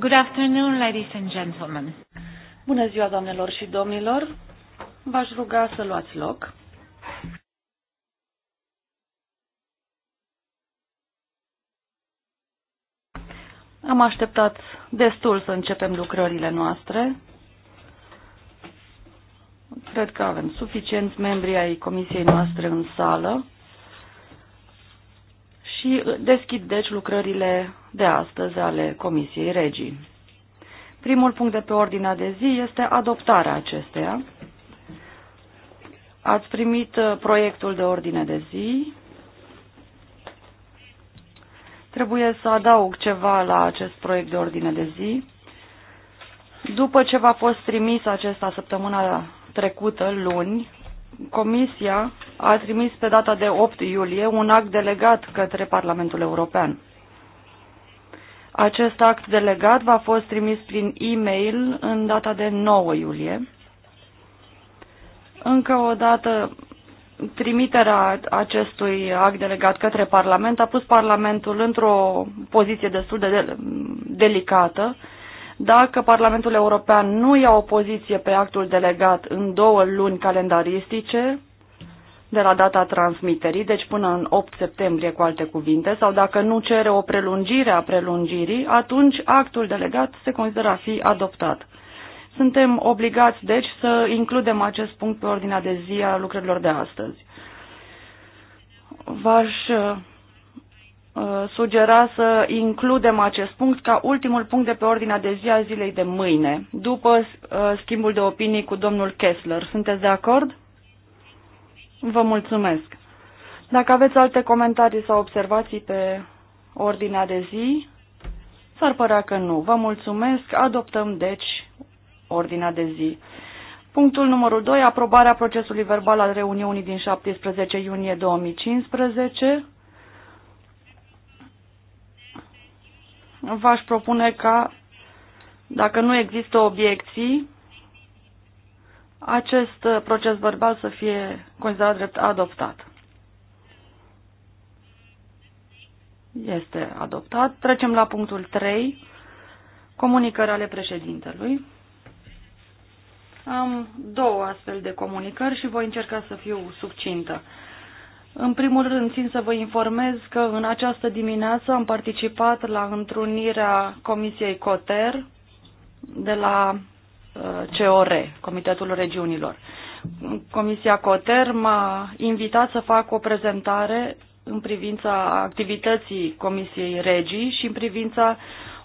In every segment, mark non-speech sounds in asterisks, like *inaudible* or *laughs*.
Good afternoon, ladies and gentlemen. Bună ziua, doamnelor și domnilor. V-aș ruga să luați loc. Am așteptat destul să începem lucrările noastre. Cred că avem suficienți membri ai comisiei noastre în sală și deschid deci lucrările de astăzi ale Comisiei Regii. Primul punct de pe ordinea de zi este adoptarea acesteia. Ați primit uh, proiectul de ordine de zi. Trebuie să adaug ceva la acest proiect de ordine de zi. După ce v-a fost trimis acesta săptămâna trecută, luni, Comisia a trimis pe data de 8 iulie un act delegat către Parlamentul European. Acest act delegat va fost trimis prin e-mail în data de 9 iulie. Încă o dată, trimiterea acestui act delegat către Parlament a pus Parlamentul într-o poziție destul de delicată, dacă Parlamentul European nu ia o poziție pe actul delegat în două luni calendaristice, de la data transmiterii, deci până în 8 septembrie cu alte cuvinte, sau dacă nu cere o prelungire a prelungirii, atunci actul delegat se consideră a fi adoptat. Suntem obligați, deci, să includem acest punct pe ordinea de zi a lucrărilor de astăzi. V-aș Uh, sugera să includem acest punct ca ultimul punct de pe ordinea de zi a zilei de mâine, după uh, schimbul de opinii cu domnul Kessler. Sunteți de acord? Vă mulțumesc. Dacă aveți alte comentarii sau observații pe ordinea de zi, s-ar părea că nu. Vă mulțumesc. Adoptăm, deci, ordinea de zi. Punctul numărul 2. Aprobarea procesului verbal al reuniunii din 17 iunie 2015. v-aș propune ca, dacă nu există obiecții, acest proces verbal să fie considerat drept adoptat. Este adoptat. Trecem la punctul 3, comunicări ale președintelui. Am două astfel de comunicări și voi încerca să fiu subcintă. În primul rând, țin să vă informez că în această dimineață am participat la întrunirea Comisiei COTER de la uh, COR, Comitetul Regiunilor. Comisia COTER m-a invitat să fac o prezentare în privința activității Comisiei Regii și în privința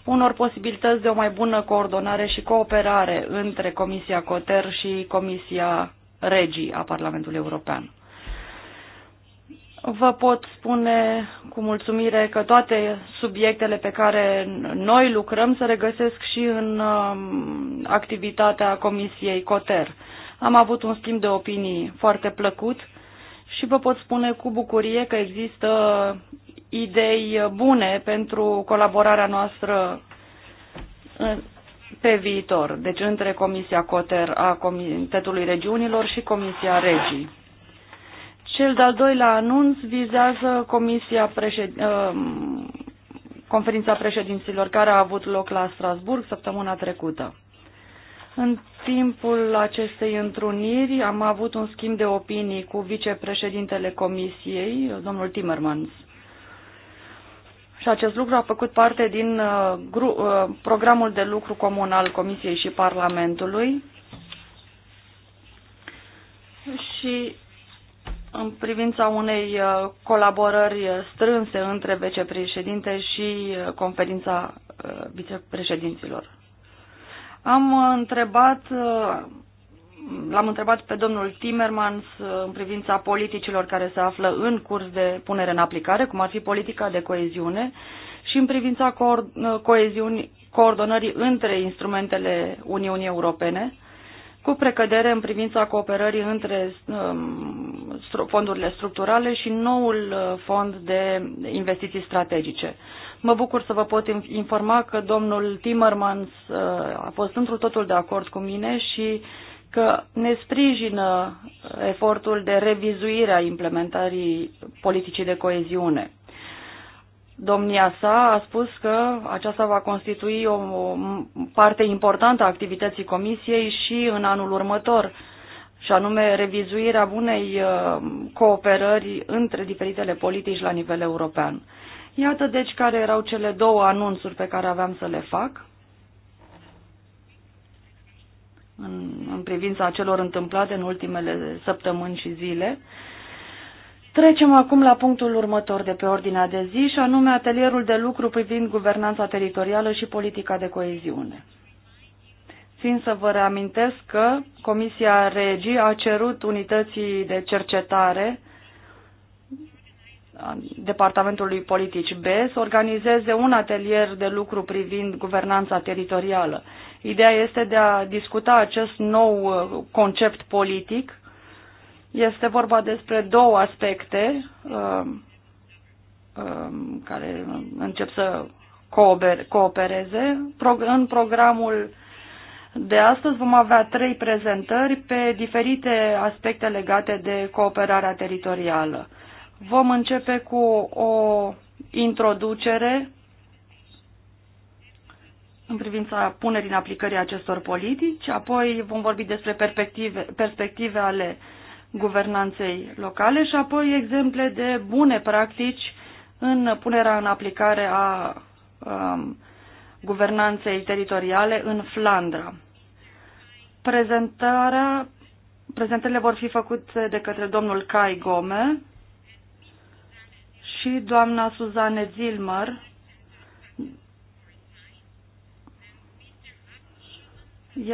unor posibilități de o mai bună coordonare și cooperare între Comisia COTER și Comisia Regii a Parlamentului European. Vă pot spune cu mulțumire că toate subiectele pe care noi lucrăm se regăsesc și în um, activitatea Comisiei COTER. Am avut un schimb de opinii foarte plăcut și vă pot spune cu bucurie că există idei bune pentru colaborarea noastră pe viitor, deci între Comisia COTER a Comitetului Regiunilor și Comisia Regii. Cel de-al doilea anunț vizează comisia președ... Um, conferința președinților care a avut loc la Strasburg săptămâna trecută. În timpul acestei întruniri am avut un schimb de opinii cu vicepreședintele Comisiei, domnul Timmermans. Și acest lucru a făcut parte din uh, uh, programul de lucru comun al Comisiei și Parlamentului. Și în privința unei uh, colaborări strânse între vicepreședinte și uh, conferința uh, vicepreședinților. Am întrebat, l-am întrebat pe domnul Timmermans în privința politicilor care se află în curs de punere în aplicare, cum ar fi politica de coeziune și în privința coeziunii, coordonării între instrumentele Uniunii Europene, cu precădere în privința cooperării între um, fondurile structurale și noul uh, fond de investiții strategice. Mă bucur să vă pot informa că domnul Timmermans uh, a fost într totul de acord cu mine și că ne sprijină efortul de revizuire a implementării politicii de coeziune domnia sa a spus că aceasta va constitui o parte importantă a activității comisiei și în anul următor, și anume revizuirea bunei uh, cooperări între diferitele politici la nivel european. Iată deci care erau cele două anunțuri pe care aveam să le fac în, în privința celor întâmplate în ultimele săptămâni și zile. Trecem acum la punctul următor de pe ordinea de zi și anume atelierul de lucru privind guvernanța teritorială și politica de coeziune. Țin să vă reamintesc că Comisia Regii a cerut unității de cercetare Departamentului Politici B să organizeze un atelier de lucru privind guvernanța teritorială. Ideea este de a discuta acest nou uh, concept politic este vorba despre două aspecte um, um, care încep să coopereze. În programul de astăzi vom avea trei prezentări pe diferite aspecte legate de cooperarea teritorială. Vom începe cu o introducere în privința punerii în aplicării acestor politici, apoi vom vorbi despre perspective, perspective ale uh, guvernanței locale și apoi exemple de bune practici în punerea în aplicare a um, guvernanței teritoriale în Flandra. Prezentarea, prezentările vor fi făcute de către domnul Kai Gome și doamna Suzanne Zilmer,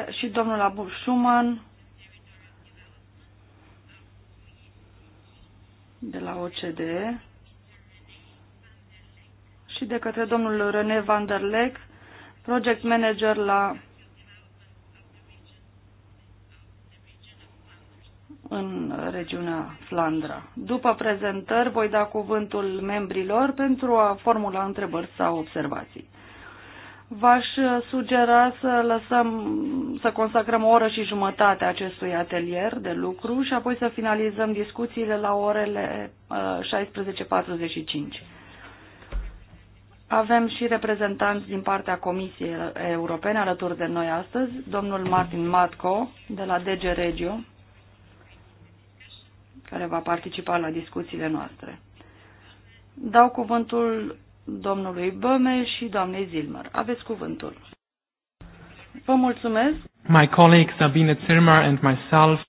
și domnul Abu Schumann de la OCDE și de către domnul René van der Leck, project manager la în regiunea Flandra. După prezentări voi da cuvântul membrilor pentru a formula întrebări sau observații v-aș uh, sugera să lăsăm, să consacrăm o oră și jumătate acestui atelier de lucru și apoi să finalizăm discuțiile la orele 16.45. Uh, Avem și reprezentanți din partea Comisiei Europene alături de noi astăzi, domnul Martin Matco de la DG Regio, care va participa la discuțiile noastre. Dau cuvântul domnului Băme și doamnei Zilmer. Aveți cuvântul. Vă mulțumesc. My colleague Sabine Zilmer and myself.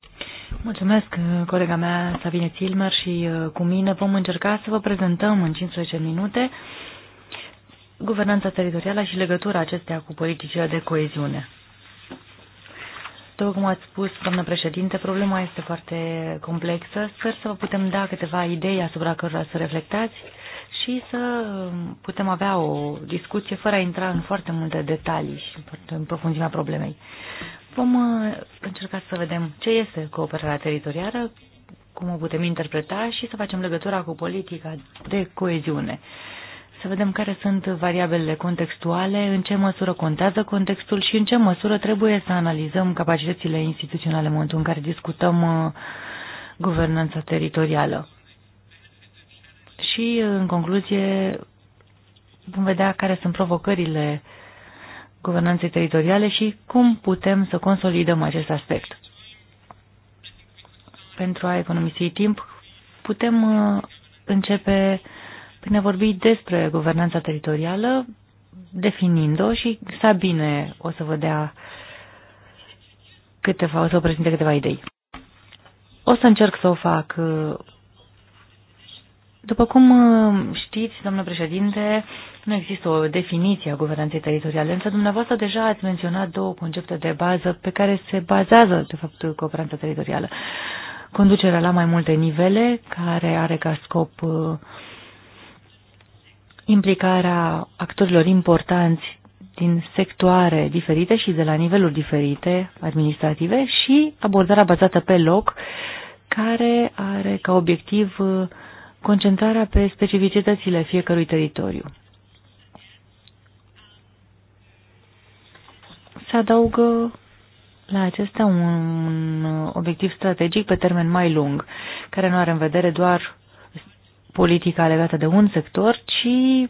Mulțumesc, uh, colega mea Sabine Zilmer și uh, cu mine vom încerca să vă prezentăm în 15 minute guvernanța teritorială și legătura acesteia cu politicile de coeziune. După cum ați spus, doamnă președinte, problema este foarte complexă. Sper să vă putem da câteva idei asupra cărora să reflectați și să um, putem avea o discuție fără a intra în foarte multe detalii și în profunzimea problemei. Vom uh, încerca să vedem ce este cooperarea teritorială, cum o putem interpreta și să facem legătura cu politica de coeziune. Să vedem care sunt variabilele contextuale, în ce măsură contează contextul și în ce măsură trebuie să analizăm capacitățile instituționale în momentul în care discutăm uh, guvernanța teritorială. Și, în concluzie, vom vedea care sunt provocările guvernanței teritoriale și cum putem să consolidăm acest aspect. Pentru a economisi timp, putem uh, începe prin a vorbi despre guvernanța teritorială, definind-o și Sabine o să vă dea câteva, o să vă prezinte câteva idei. O să încerc să o fac uh, după cum uh, știți, domnule președinte, nu există o definiție a guvernanței teritoriale, însă dumneavoastră deja ați menționat două concepte de bază pe care se bazează, de fapt, guvernanța teritorială. Conducerea la mai multe nivele, care are ca scop uh, implicarea actorilor importanți din sectoare diferite și de la niveluri diferite administrative și abordarea bazată pe loc, care are ca obiectiv uh, concentrarea pe specificitățile fiecărui teritoriu. Se adaugă la acesta un obiectiv strategic pe termen mai lung, care nu are în vedere doar politica legată de un sector, ci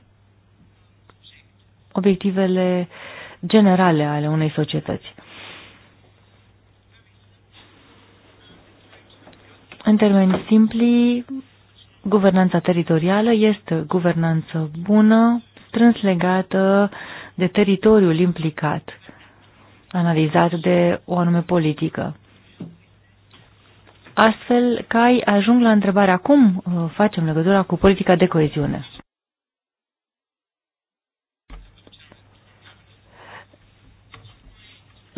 obiectivele generale ale unei societăți. În termeni simpli, Guvernanța teritorială este guvernanță bună, strâns legată de teritoriul implicat, analizat de o anume politică. Astfel, cai ajung la întrebarea cum uh, facem legătura cu politica de coeziune.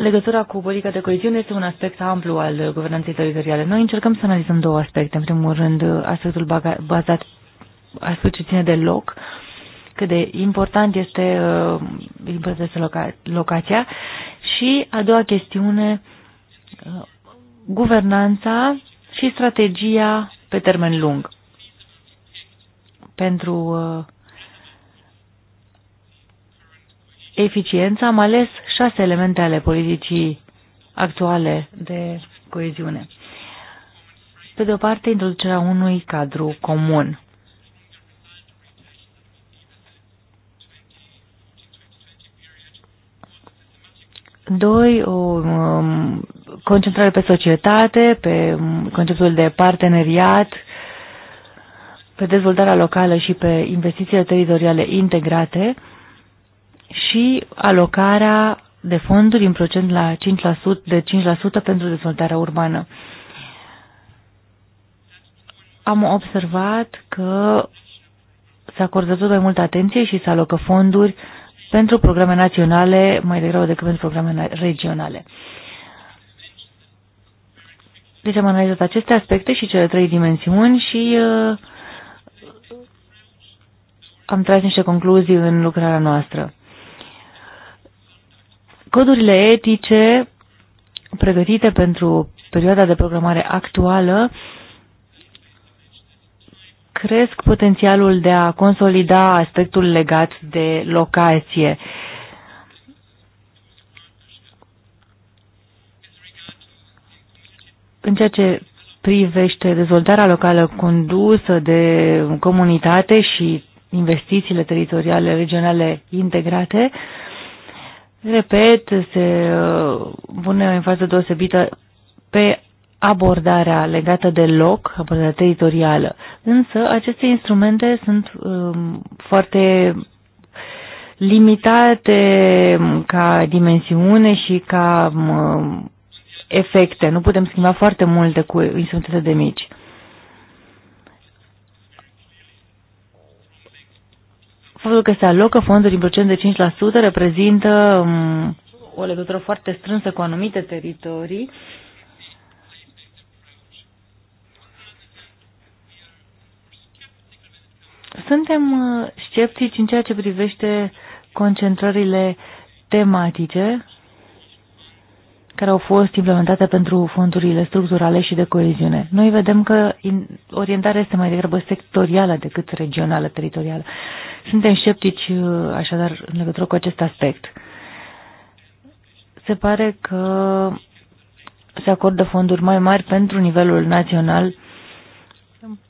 Legătura cu politica de coeziune este un aspect amplu al guvernanței teritoriale. Noi încercăm să analizăm două aspecte. În primul rând, aspectul bazat, aspect ce ține de loc, cât de important este, uh, loca, locația. Și a doua chestiune, uh, guvernanța și strategia pe termen lung pentru uh, eficiență, am ales șase elemente ale politicii actuale de coeziune. Pe de o parte, introducerea unui cadru comun. Doi, o um, concentrare pe societate, pe um, conceptul de parteneriat, pe dezvoltarea locală și pe investițiile teritoriale integrate și alocarea de fonduri în procent la 5%, de 5% pentru dezvoltarea urbană. Am observat că se acordă tot mai multă atenție și se alocă fonduri pentru programe naționale mai degrabă decât pentru programe regionale. Deci am analizat aceste aspecte și cele trei dimensiuni și uh, am tras niște concluzii în lucrarea noastră. Codurile etice pregătite pentru perioada de programare actuală cresc potențialul de a consolida aspectul legat de locație. În ceea ce privește dezvoltarea locală condusă de comunitate și investițiile teritoriale regionale integrate, uh, Repet, se uh, pune în față deosebită pe abordarea legată de loc, abordarea teritorială. Însă aceste instrumente sunt um, foarte limitate ca dimensiune și ca um, efecte. Nu putem schimba foarte multe cu instrumentele de mici. faptul că se alocă fonduri în procent de 5% reprezintă um, o legătură foarte strânsă cu anumite teritorii. Suntem uh, sceptici în ceea ce privește concentrările tematice care au fost implementate pentru fondurile structurale și de coeziune. Noi vedem că orientarea este mai degrabă sectorială decât regională, teritorială. Suntem sceptici uh, așadar în legătură cu acest aspect. Se pare că se acordă fonduri mai mari pentru nivelul național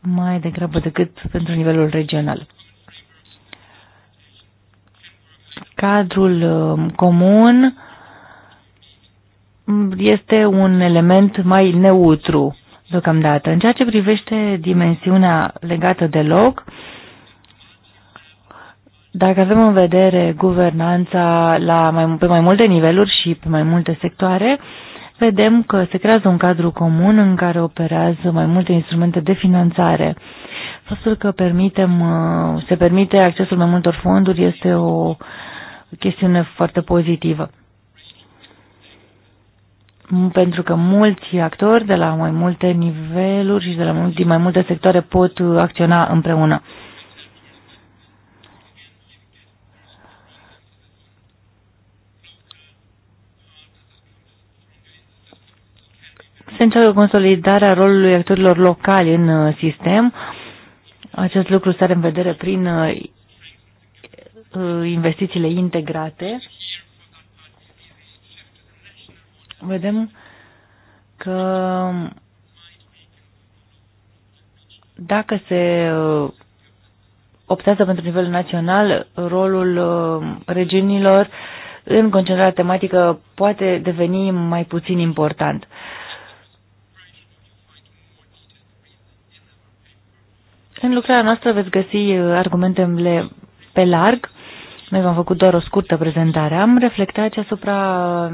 mai degrabă decât pentru nivelul regional. Cadrul um, comun este un element mai neutru deocamdată. În ceea ce privește dimensiunea legată de loc, dacă avem în vedere guvernanța la mai, pe mai multe niveluri și pe mai multe sectoare, vedem că se creează un cadru comun în care operează mai multe instrumente de finanțare. Faptul că permitem, uh, se permite accesul mai multor fonduri este o chestiune foarte pozitivă. Pentru că mulți actori de la mai multe niveluri și de la mai multe sectoare pot acționa împreună. se încearcă consolidarea rolului actorilor locali în uh, sistem. Acest lucru se are în vedere prin uh, uh, investițiile integrate. Vedem că dacă se optează pentru nivel național, rolul regiunilor în concentrarea tematică poate deveni mai puțin important. Uh, În lucrarea noastră veți găsi uh, argumentele pe larg. Noi v-am făcut doar o scurtă prezentare. Am reflectat asupra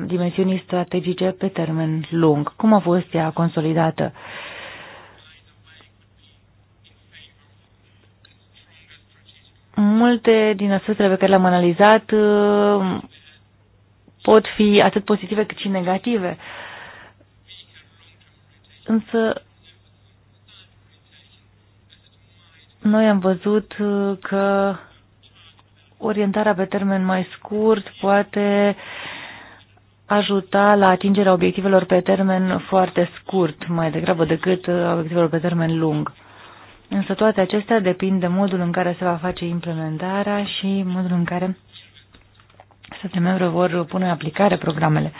dimensiunii strategice pe termen lung. Cum a fost ea consolidată? Multe din aspectele pe care le-am analizat uh, pot fi atât pozitive cât și negative. Însă Noi am văzut uh, că orientarea pe termen mai scurt poate ajuta la atingerea obiectivelor pe termen foarte scurt, mai degrabă decât uh, obiectivelor pe termen lung. Însă toate acestea depind de modul în care se va face implementarea și modul în care statele membre vor pune în aplicare programele.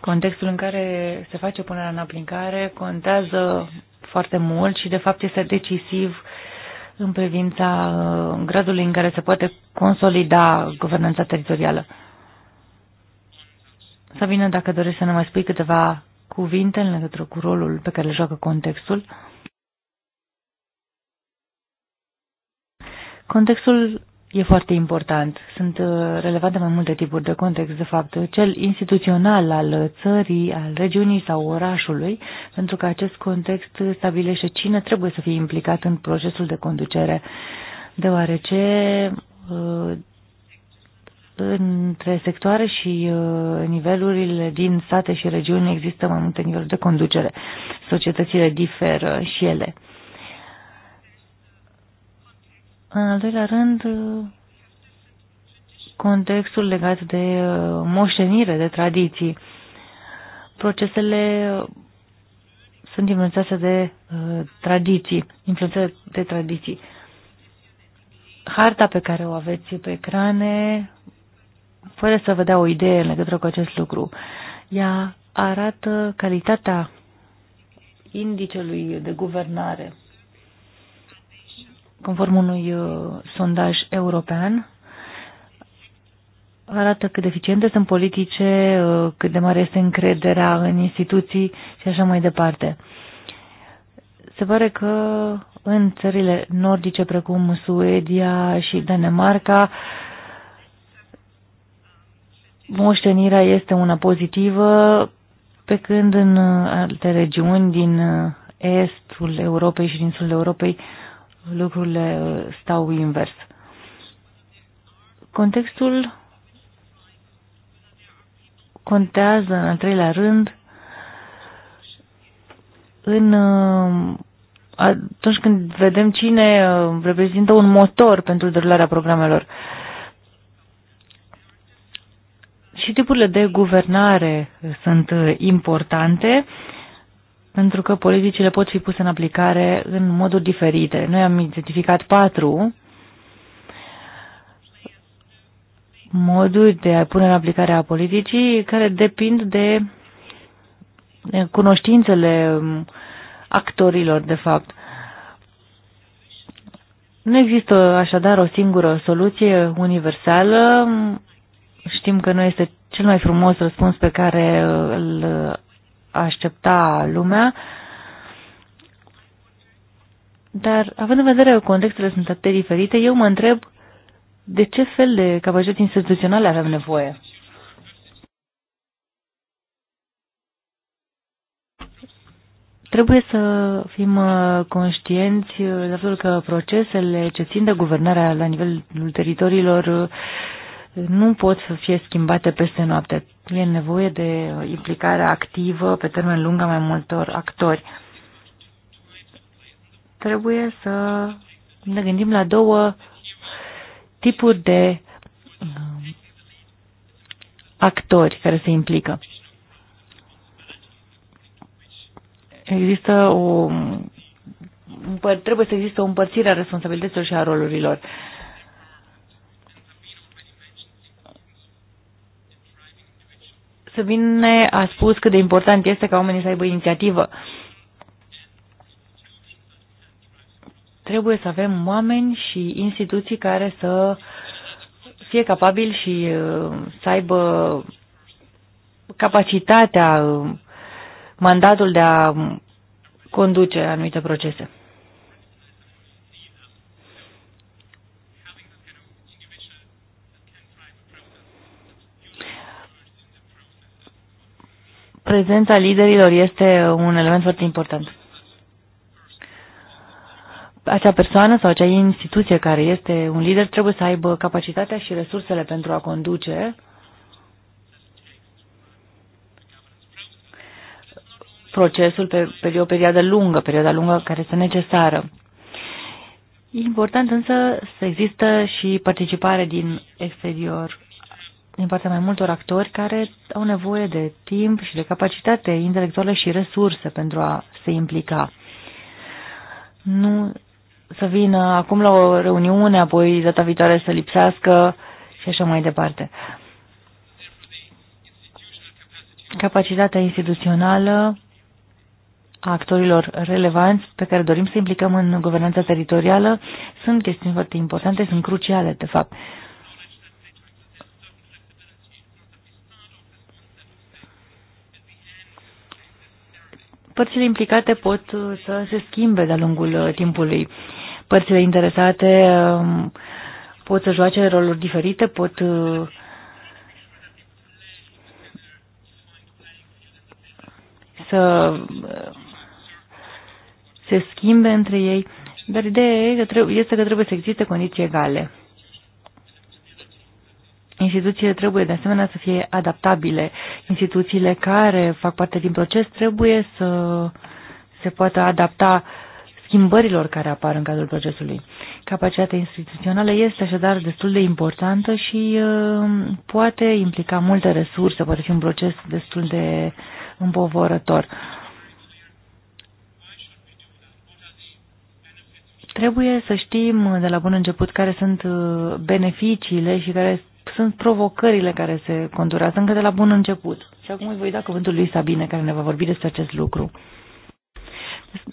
Contextul în care se face punerea în aplicare contează foarte mult și de fapt este decisiv în privința gradului în care se poate consolida guvernanța teritorială. Sabine, dacă dorești să ne mai spui câteva cuvinte în legătură cu rolul pe care îl joacă contextul. Contextul e foarte important. Sunt uh, relevante mai multe tipuri de context, de fapt, cel instituțional al țării, al regiunii sau orașului, pentru că acest context stabilește cine trebuie să fie implicat în procesul de conducere, deoarece uh, între sectoare și uh, nivelurile din state și regiuni există mai multe niveluri de conducere. Societățile diferă și ele. În al doilea rând, contextul legat de uh, moștenire, de tradiții. Procesele uh, sunt influențate de uh, tradiții, influențate de tradiții. Harta pe care o aveți pe ecrane, fără să vă dea o idee în legătură cu acest lucru, ea arată calitatea indicelui de guvernare conform unui uh, sondaj european, arată cât deficiente eficiente sunt politice, uh, cât de mare este încrederea în instituții și așa mai departe. Se pare că în țările nordice precum Suedia și Danemarca, moștenirea este una pozitivă, pe când în alte regiuni din uh, estul Europei și din sudul Europei lucrurile uh, stau invers. Contextul contează în al treilea rând în uh, atunci când vedem cine uh, reprezintă un motor pentru derularea programelor. Și tipurile de guvernare sunt importante. Uh, pentru că politicile pot fi puse în aplicare în moduri diferite. Noi am identificat patru moduri de a pune în aplicare a politicii care depind de cunoștințele actorilor, de fapt. Nu există așadar o singură soluție universală. Știm că nu este cel mai frumos răspuns pe care îl aștepta lumea. Dar, având în vedere că contextele sunt atât de diferite, eu mă întreb de ce fel de capacități instituționale avem nevoie. Trebuie să fim uh, conștienți uh, de faptul că procesele ce țin de guvernarea la nivelul teritoriilor uh, nu pot să fie schimbate peste noapte. E nevoie de implicare activă pe termen lung a mai multor actori. Trebuie să ne gândim la două tipuri de uh, actori care se implică. Există o trebuie să existe o împărțire a responsabilităților și a rolurilor. Uh, Să vină a spus cât de important este ca oamenii să aibă inițiativă. Trebuie să avem oameni și instituții care să fie capabili și uh, să aibă capacitatea, uh, mandatul de a conduce anumite procese. prezența liderilor este un element foarte important. Acea persoană sau acea instituție care este un lider trebuie să aibă capacitatea și resursele pentru a conduce procesul pe, pe o perioadă lungă, perioada lungă care este necesară. E important însă să există și participare din exterior din partea mai multor actori care au nevoie de timp și de capacitate intelectuală și resurse pentru a se implica. Nu să vină acum la o reuniune, apoi data viitoare să lipsească și așa mai departe. Capacitatea instituțională a actorilor relevanți pe care dorim să implicăm în guvernanța teritorială sunt chestiuni foarte importante, sunt cruciale, de fapt. părțile implicate pot uh, să se schimbe de-a lungul uh, timpului. Părțile interesate um, pot să joace roluri diferite, pot uh, să se schimbe între ei, dar ideea este că trebuie să existe condiții egale. Instituțiile trebuie de asemenea să fie adaptabile. Instituțiile care fac parte din proces trebuie să se poată adapta schimbărilor care apar în cadrul procesului. Capacitatea instituțională este așadar destul de importantă și uh, poate implica multe resurse, poate fi un proces destul de împovorător. Trebuie să știm de la bun început care sunt uh, beneficiile și care sunt provocările care se conturează încă de la bun început. Și acum îi voi da cuvântul lui Sabine, care ne va vorbi despre acest lucru.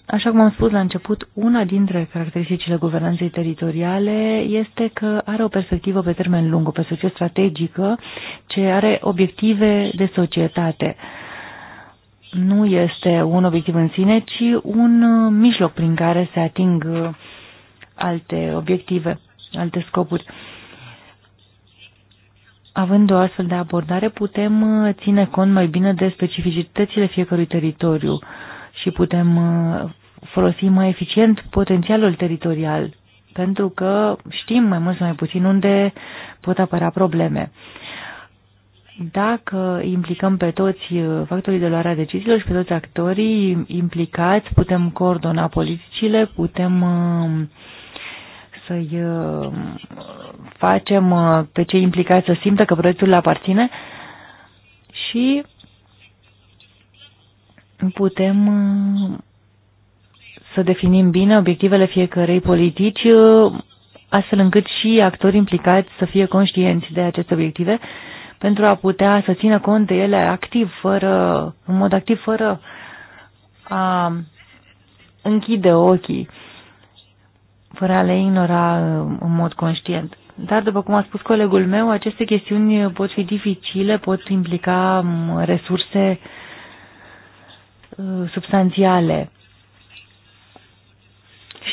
Așa cum am spus la început, una dintre caracteristicile guvernanței teritoriale este că are o perspectivă pe termen lung, o perspectivă strategică, ce are obiective de societate. Nu este un obiectiv în sine, ci un mijloc prin care se ating alte obiective, alte scopuri. Uh, Având o astfel de abordare, putem uh, ține cont mai bine de specificitățile fiecărui teritoriu și putem uh, folosi mai eficient potențialul teritorial, pentru că știm mai mult sau mai puțin unde pot apărea probleme. Dacă implicăm pe toți uh, factorii de luare a deciziilor și pe toți actorii implicați, putem coordona politicile, putem uh, să-i uh, facem uh, pe cei implicați să simtă că proiectul le aparține și putem uh, să definim bine obiectivele fiecărei politici, astfel încât și actorii implicați să fie conștienți de aceste obiective pentru a putea să țină cont de ele activ, fără, în mod activ, fără a închide ochii fără a le ignora uh, în mod conștient. Dar, după cum a spus colegul meu, aceste chestiuni pot fi dificile, pot implica resurse uh, substanțiale.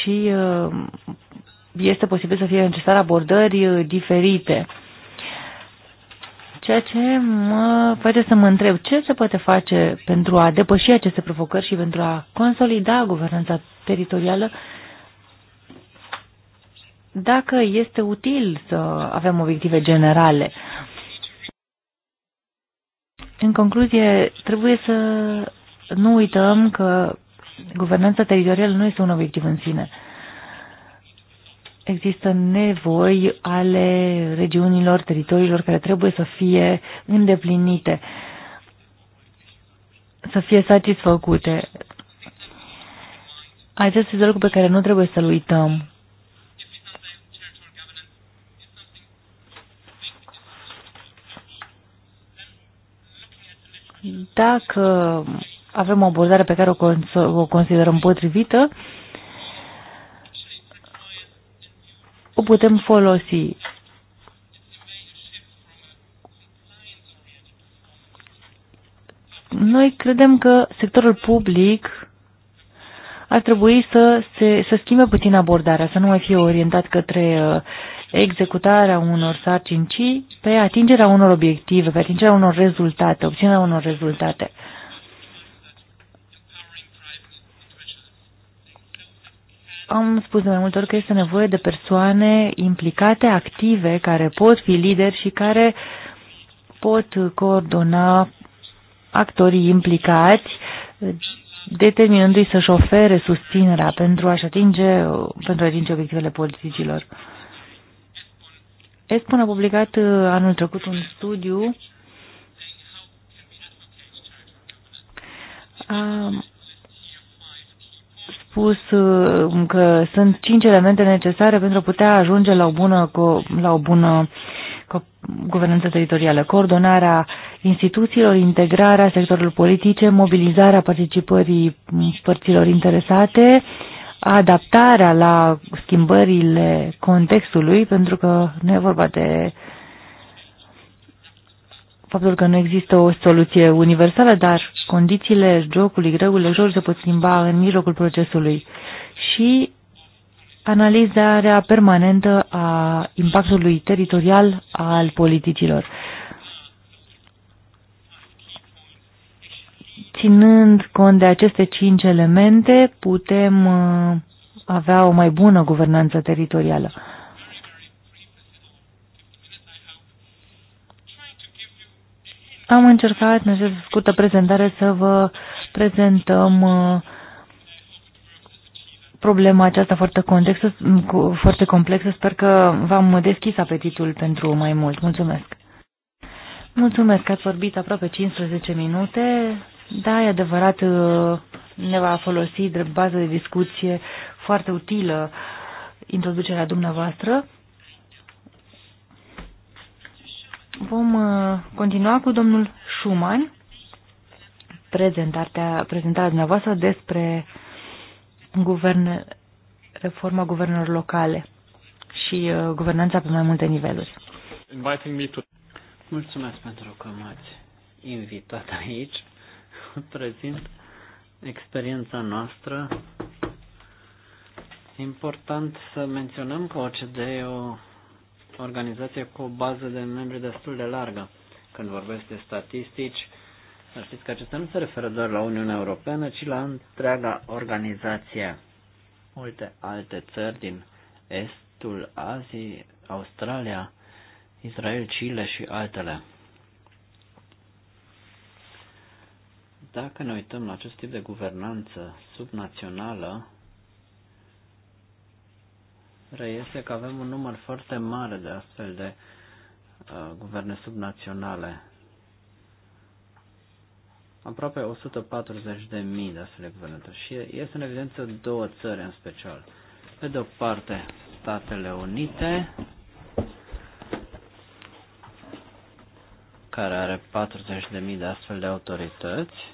Și uh, este posibil să fie necesar abordări diferite. Ceea ce mă face să mă întreb ce se poate face pentru a depăși aceste provocări și pentru a consolida guvernanța teritorială dacă este util să avem obiective generale. În concluzie, trebuie să nu uităm că guvernanța teritorială nu este un obiectiv în sine. Există nevoi ale regiunilor, teritoriilor care trebuie să fie îndeplinite, să fie satisfăcute. Acest este lucru pe care nu trebuie să-l uităm. Dacă avem o abordare pe care o, o considerăm potrivită, o putem folosi. Noi credem că sectorul public ar trebui să, se, să schimbe puțin abordarea, să nu mai fie orientat către uh, executarea unor sarcini, ci pe atingerea unor obiective, pe atingerea unor rezultate, obținerea unor rezultate. Am spus de mai multe ori că este nevoie de persoane implicate, active, care pot fi lideri și care pot coordona actorii implicați, determinându-i să-și ofere susținerea pentru a-și atinge, pentru a atinge obiectivele politicilor. ESPON a publicat uh, anul trecut un studiu a spus uh, că sunt cinci elemente necesare pentru a putea ajunge la o bună, la o bună guvernanță teritorială, coordonarea instituțiilor, integrarea sectorului politice, mobilizarea participării părților interesate, adaptarea la schimbările contextului, pentru că nu e vorba de faptul că nu există o soluție universală, dar condițiile jocului, regulile jocului se pot schimba în mijlocul procesului și analizarea permanentă a impactului teritorial al politicilor. Ținând cont de aceste cinci elemente, putem uh, avea o mai bună guvernanță teritorială. Am încercat în această scurtă prezentare să vă prezentăm uh, problema aceasta foarte complexă, foarte complexă. Sper că v-am deschis apetitul pentru mai mult. Mulțumesc! Mulțumesc că ați vorbit aproape 15 minute. Da, e adevărat, uh, ne va folosi drept bază de discuție foarte utilă introducerea dumneavoastră. Vom uh, continua cu domnul Schumann prezentarea, prezentarea dumneavoastră despre guvern, reforma guvernelor locale și uh, guvernanța pe mai multe niveluri. Mulțumesc pentru că m-ați invitat aici prezint experiența noastră. E important să menționăm că OCD e o organizație cu o bază de membri destul de largă. Când vorbesc de statistici, să știți că acestea nu se referă doar la Uniunea Europeană, ci la întreaga organizație. Multe alte țări din estul Aziei, Australia, Israel, Chile și altele. Dacă ne uităm la acest tip de guvernanță subnațională, reiese că avem un număr foarte mare de astfel de uh, guverne subnaționale. Aproape 140 de mii de astfel de guverne. Și este în evidență două țări în special. Pe de o parte, Statele Unite, care are 40.000 de astfel de autorități,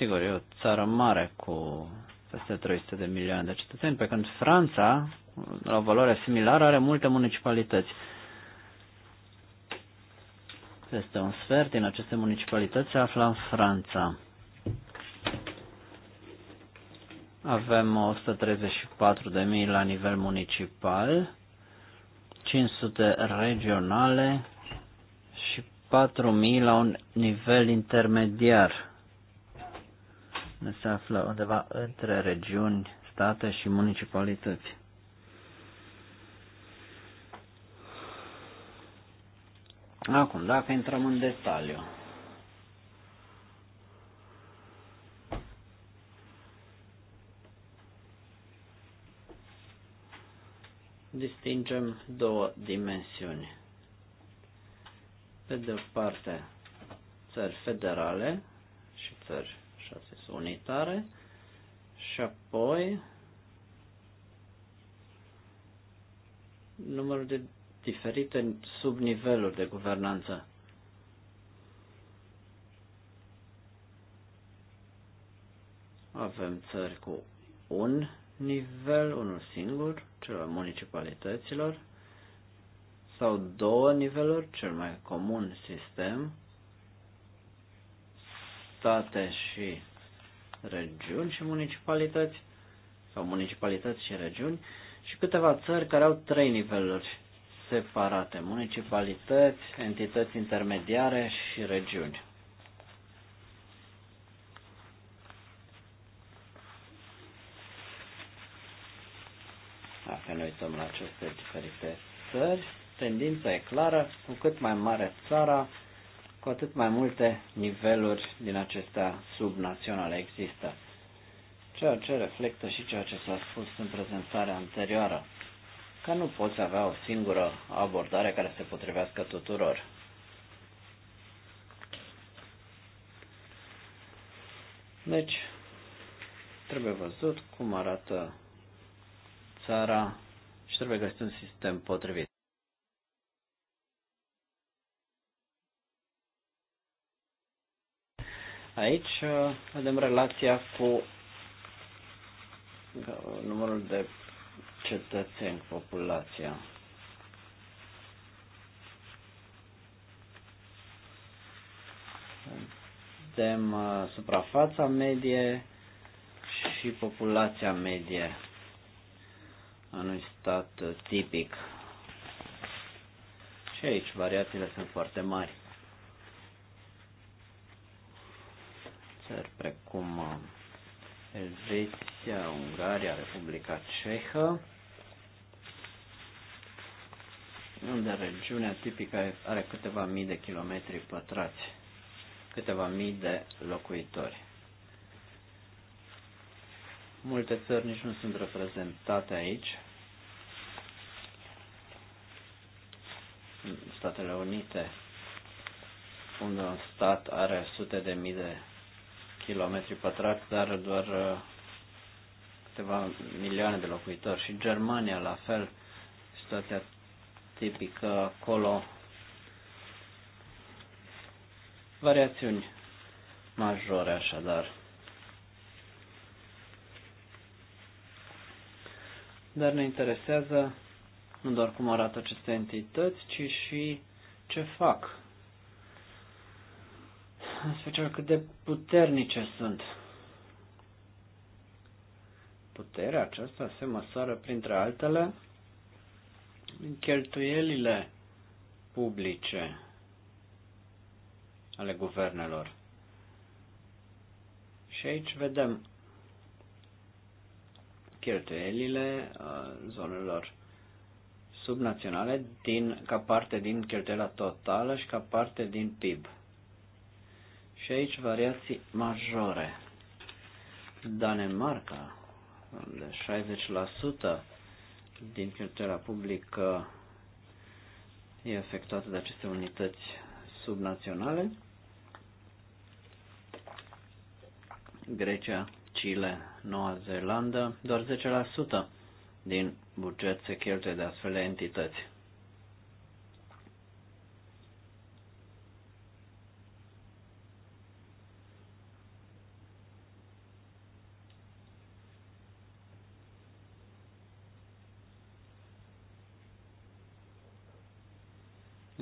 Sigur, e o țară mare cu peste 300 de milioane de cetățeni, pe când Franța, la o valoare similară, are multe municipalități. Peste un sfert din aceste municipalități se află în Franța. Avem 134.000 la nivel municipal, 500 regionale și 4.000 la un nivel intermediar se află undeva între regiuni, state și municipalități. Acum, dacă intrăm în detaliu. Distingem două dimensiuni. Pe de o parte, țări federale și țări 6 unitare și apoi numărul de diferite subniveluri de guvernanță. Avem țări cu un nivel, unul singur, cel al municipalităților, sau două niveluri, cel mai comun sistem, state și regiuni și municipalități, sau municipalități și regiuni, și câteva țări care au trei niveluri separate, municipalități, entități intermediare și regiuni. Dacă ne uităm la aceste diferite țări, tendința e clară, cu cât mai mare țara, cu atât mai multe niveluri din acestea subnaționale există. Ceea ce reflectă și ceea ce s-a spus în prezentarea anterioară, că nu poți avea o singură abordare care se potrivească tuturor. Deci, trebuie văzut cum arată țara și trebuie găsit un sistem potrivit. Aici uh, vedem relația cu uh, numărul de cetățeni, populația. Vedem uh, suprafața medie și populația medie a unui stat tipic. Și aici variațiile sunt foarte mari. țări precum uh, Elveția, Ungaria, Republica Cehă, unde regiunea tipică are câteva mii de kilometri pătrați, câteva mii de locuitori. Multe țări nici nu sunt reprezentate aici. Statele Unite, unde un stat are sute de mii de kilometri pătrați, dar doar uh, câteva milioane de locuitori. Și Germania, la fel, situația tipică acolo, variațiuni majore așadar. Dar ne interesează nu doar cum arată aceste entități, ci și ce fac în special cât de puternice sunt. Puterea aceasta se măsoară, printre altele, în cheltuielile publice ale guvernelor. Și aici vedem cheltuielile uh, zonelor subnaționale din, ca parte din cheltuiela totală și ca parte din PIB. Și aici variații majore. Danemarca, unde 60% din cheltuiala publică e efectuată de aceste unități subnaționale. Grecia, Chile, Noua Zeelandă, doar 10% din buget se cheltuie de astfel de entități.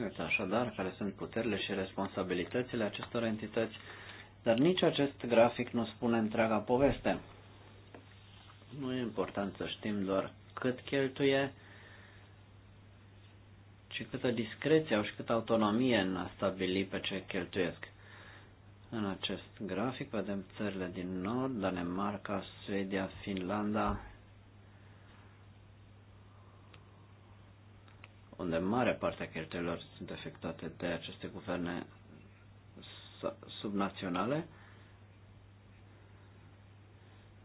Haideți așadar care sunt puterile și responsabilitățile acestor entități, dar nici acest grafic nu spune întreaga poveste. Nu e important să știm doar cât cheltuie, ci câtă discreție au și câtă autonomie în a stabili pe ce cheltuiesc. În acest grafic vedem țările din nord, Danemarca, Suedia, Finlanda, unde mare parte a cheltuielor sunt efectuate de aceste guverne subnaționale,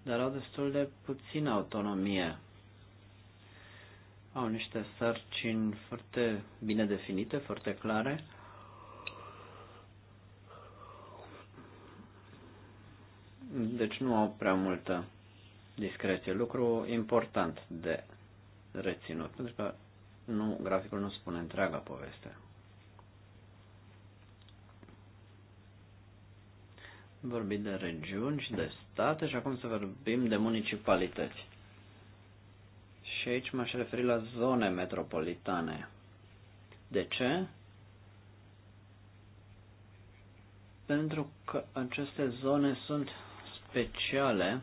dar au destul de puțină autonomie. Au niște sarcini foarte bine definite, foarte clare. Deci nu au prea multă discreție. Lucru important de reținut, pentru că nu, graficul nu spune întreaga poveste. Vorbim de regiuni și de state și acum să vorbim de municipalități. Și aici m-aș referi la zone metropolitane. De ce? Pentru că aceste zone sunt speciale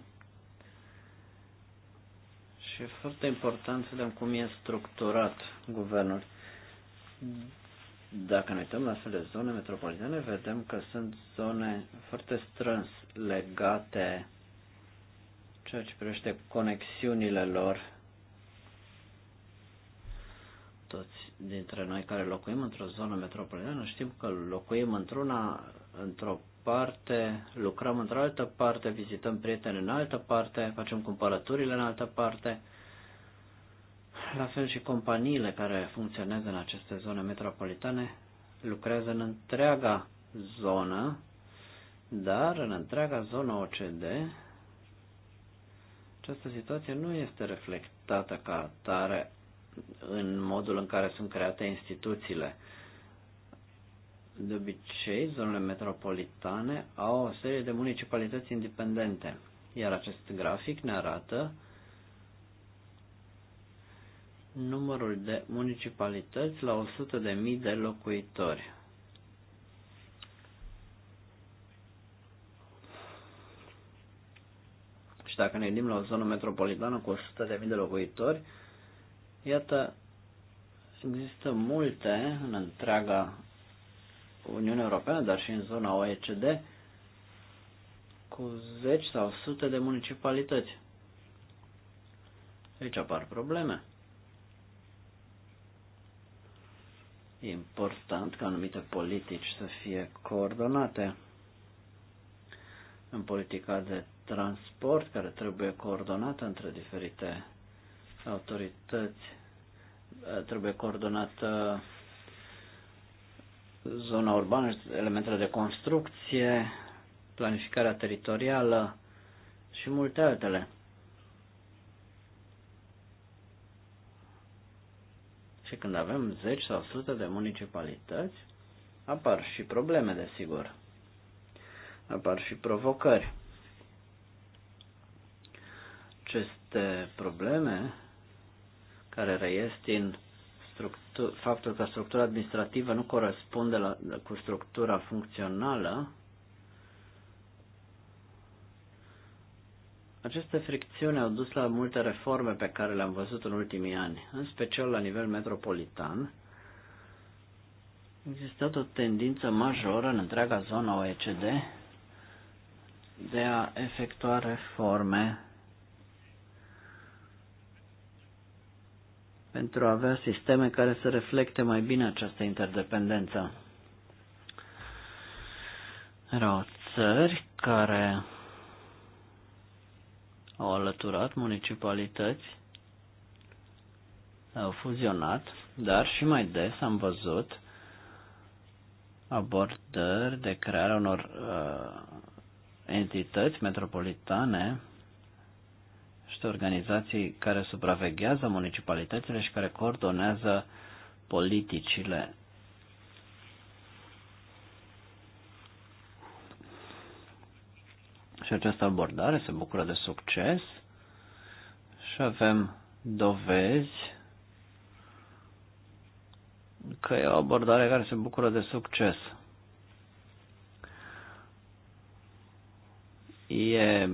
și e foarte important să vedem cum e structurat guvernul. Dacă ne uităm la cele de zone metropolitane, vedem că sunt zone foarte strâns legate ceea ce privește conexiunile lor. Toți dintre noi care locuim într-o zonă metropolitană știm că locuim într-una, într-o parte, lucrăm într-o altă parte, vizităm prieteni în altă parte, facem cumpărăturile în altă parte. La fel și companiile care funcționează în aceste zone metropolitane lucrează în întreaga zonă, dar în întreaga zonă OCD această situație nu este reflectată ca atare în modul în care sunt create instituțiile. De obicei, zonele metropolitane au o serie de municipalități independente, iar acest grafic ne arată numărul de municipalități la 100.000 de locuitori. Și dacă ne gândim la o zonă metropolitană cu 100.000 de locuitori, iată, există multe în întreaga Uniune Europeană, dar și în zona OECD, cu zeci sau sute de municipalități. Aici apar probleme. E important ca anumite politici să fie coordonate. În politica de transport, care trebuie coordonată între diferite autorități, trebuie coordonată zona urbană, elementele de construcție, planificarea teritorială și multe altele. Și când avem 10 sau 100 de municipalități, apar și probleme, desigur. Apar și provocări. Aceste probleme care reies din faptul că structura administrativă nu corespunde la, cu structura funcțională, Aceste fricțiuni au dus la multe reforme pe care le-am văzut în ultimii ani, în special la nivel metropolitan. Există existat o tendință majoră în întreaga zonă OECD de a efectua reforme pentru a avea sisteme care să reflecte mai bine această interdependență. Erau țări care au alăturat municipalități, au fuzionat, dar și mai des am văzut abordări de crearea unor uh, entități metropolitane și organizații care supraveghează municipalitățile și care coordonează politicile Și această abordare se bucură de succes și avem dovezi că e o abordare care se bucură de succes. E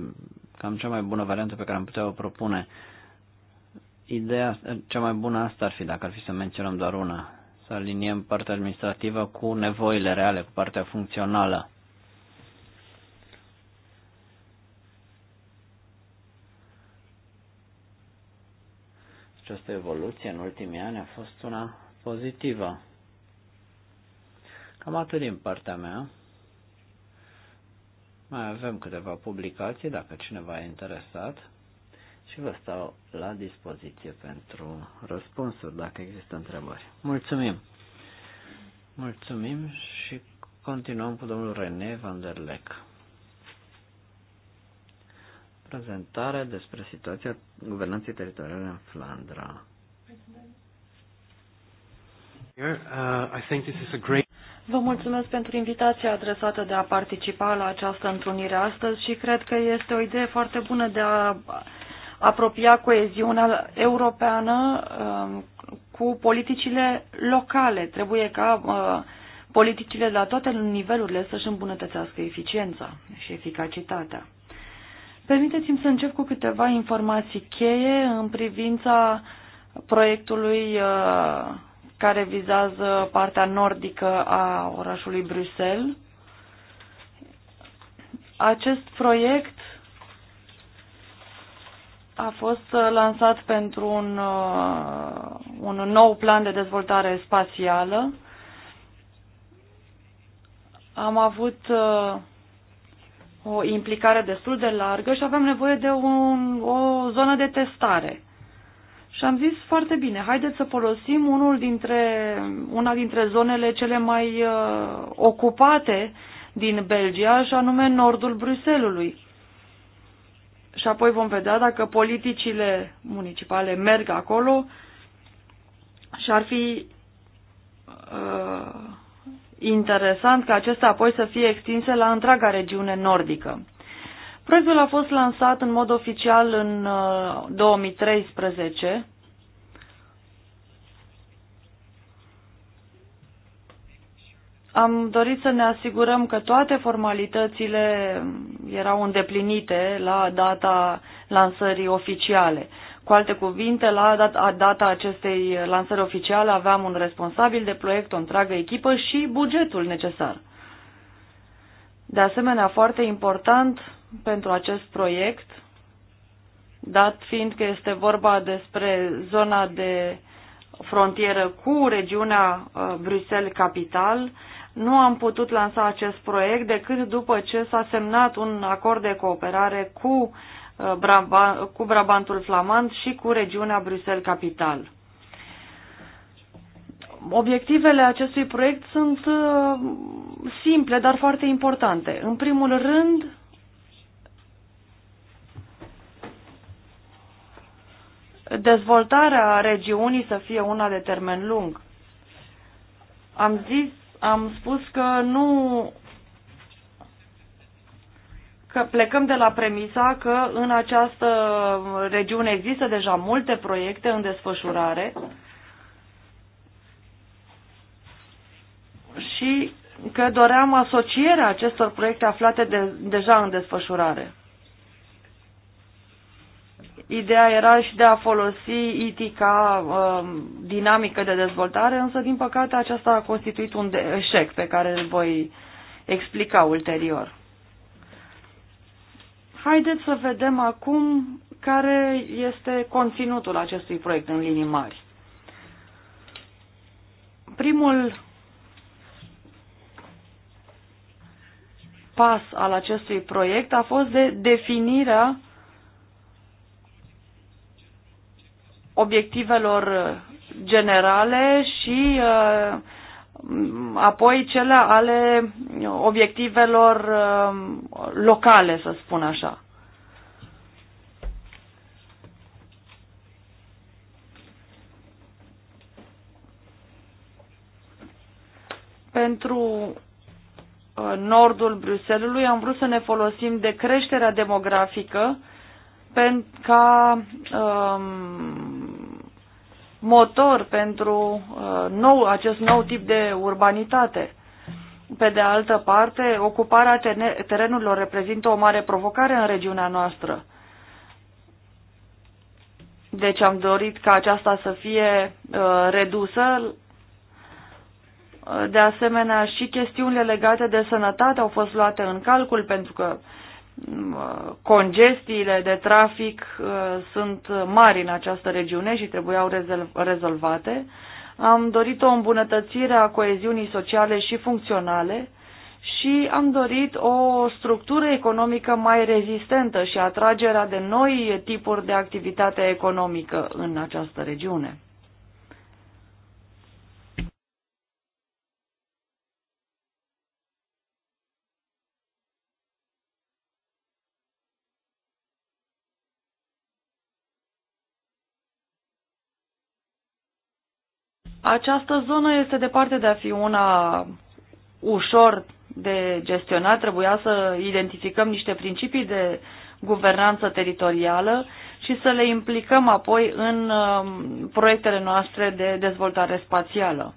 cam cea mai bună variantă pe care am putea o propune. Ideea cea mai bună asta ar fi, dacă ar fi să menționăm doar una, să aliniem partea administrativă cu nevoile reale, cu partea funcțională. Această evoluție în ultimii ani a fost una pozitivă. Cam atât din partea mea. Mai avem câteva publicații dacă cineva e interesat și vă stau la dispoziție pentru răspunsuri dacă există întrebări. Mulțumim! Mulțumim și continuăm cu domnul René van der Leck prezentare despre situația guvernanței teritoriale în Flandra. Uh, Vă mulțumesc pentru invitația adresată de a participa la această întrunire astăzi și cred că este o idee foarte bună de a apropia coeziunea europeană um, cu politicile locale. Trebuie ca uh, politicile la toate nivelurile să-și îmbunătățească eficiența și eficacitatea. Permiteți-mi să încep cu câteva informații cheie în privința proiectului uh, care vizează partea nordică a orașului Bruxelles. Acest proiect a fost uh, lansat pentru un, uh, un nou plan de dezvoltare spațială. Am avut o implicare destul de largă și aveam nevoie de un, o zonă de testare. Și am zis foarte bine, haideți să folosim unul dintre, una dintre zonele cele mai uh, ocupate din Belgia, și anume nordul Bruselului. Și apoi vom vedea dacă politicile municipale merg acolo și ar fi uh, interesant ca acesta apoi să fie extinse la întreaga regiune nordică. Proiectul a fost lansat în mod oficial în 2013. Uh, Am dorit să ne asigurăm că toate formalitățile erau îndeplinite la data lansării oficiale. Cu alte cuvinte, la data acestei lansări oficiale aveam un responsabil de proiect, o întreagă echipă și bugetul necesar. De asemenea, foarte important pentru acest proiect, dat fiind că este vorba despre zona de frontieră cu regiunea uh, Bruxelles-Capital, nu am putut lansa acest proiect decât după ce s-a semnat un acord de cooperare cu uh, cu Brabantul Flamand și cu regiunea Bruxelles Capital. Obiectivele acestui proiect sunt uh, simple, dar foarte importante. În primul rând, dezvoltarea regiunii să fie una de termen lung. Am zis, am spus că nu că plecăm de la premisa că în această regiune există deja multe proiecte în desfășurare și că doream asocierea acestor proiecte aflate de, deja în desfășurare. Ideea era și de a folosi IT ca uh, dinamică de dezvoltare, însă, din păcate, aceasta a constituit un eșec pe care îl voi explica ulterior. Haideți să vedem acum care este conținutul acestui proiect în linii mari. Primul pas al acestui proiect a fost de definirea obiectivelor generale și uh, apoi cele ale obiectivelor um, locale, să spun așa. Pentru uh, nordul Bruselului am vrut să ne folosim de creșterea demografică pentru ca um, motor pentru uh, nou, acest nou tip de urbanitate. Pe de altă parte, ocuparea terenurilor reprezintă o mare provocare în regiunea noastră. Deci am dorit ca aceasta să fie uh, redusă. De asemenea, și chestiunile legate de sănătate au fost luate în calcul pentru că congestiile de trafic uh, sunt mari în această regiune și trebuiau rezolvate. Am dorit o îmbunătățire a coeziunii sociale și funcționale și am dorit o structură economică mai rezistentă și atragerea de noi tipuri de activitate economică în această regiune. Această zonă este departe de a fi una ușor de gestionat. Trebuia să identificăm niște principii de guvernanță teritorială și să le implicăm apoi în um, proiectele noastre de dezvoltare spațială.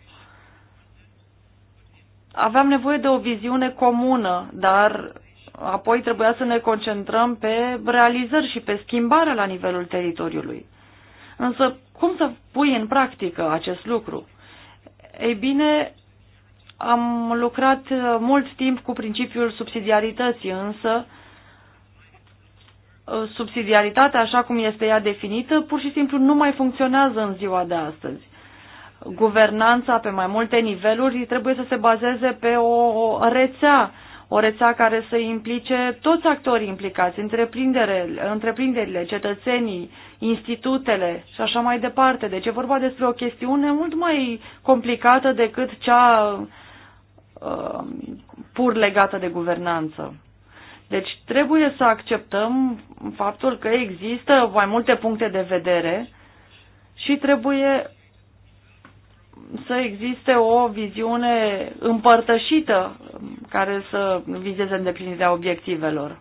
Aveam nevoie de o viziune comună, dar apoi trebuia să ne concentrăm pe realizări și pe schimbare la nivelul teritoriului. Însă, cum să pui în practică acest lucru? Ei bine, am lucrat mult timp cu principiul subsidiarității, însă subsidiaritatea, așa cum este ea definită, pur și simplu nu mai funcționează în ziua de astăzi. Guvernanța pe mai multe niveluri trebuie să se bazeze pe o rețea o rețea care să implice toți actorii implicați, întreprinderile, cetățenii, institutele și așa mai departe. Deci e vorba despre o chestiune mult mai complicată decât cea uh, pur legată de guvernanță. Deci trebuie să acceptăm faptul că există mai multe puncte de vedere și trebuie să existe o viziune împărtășită care să vizeze îndeplinirea obiectivelor.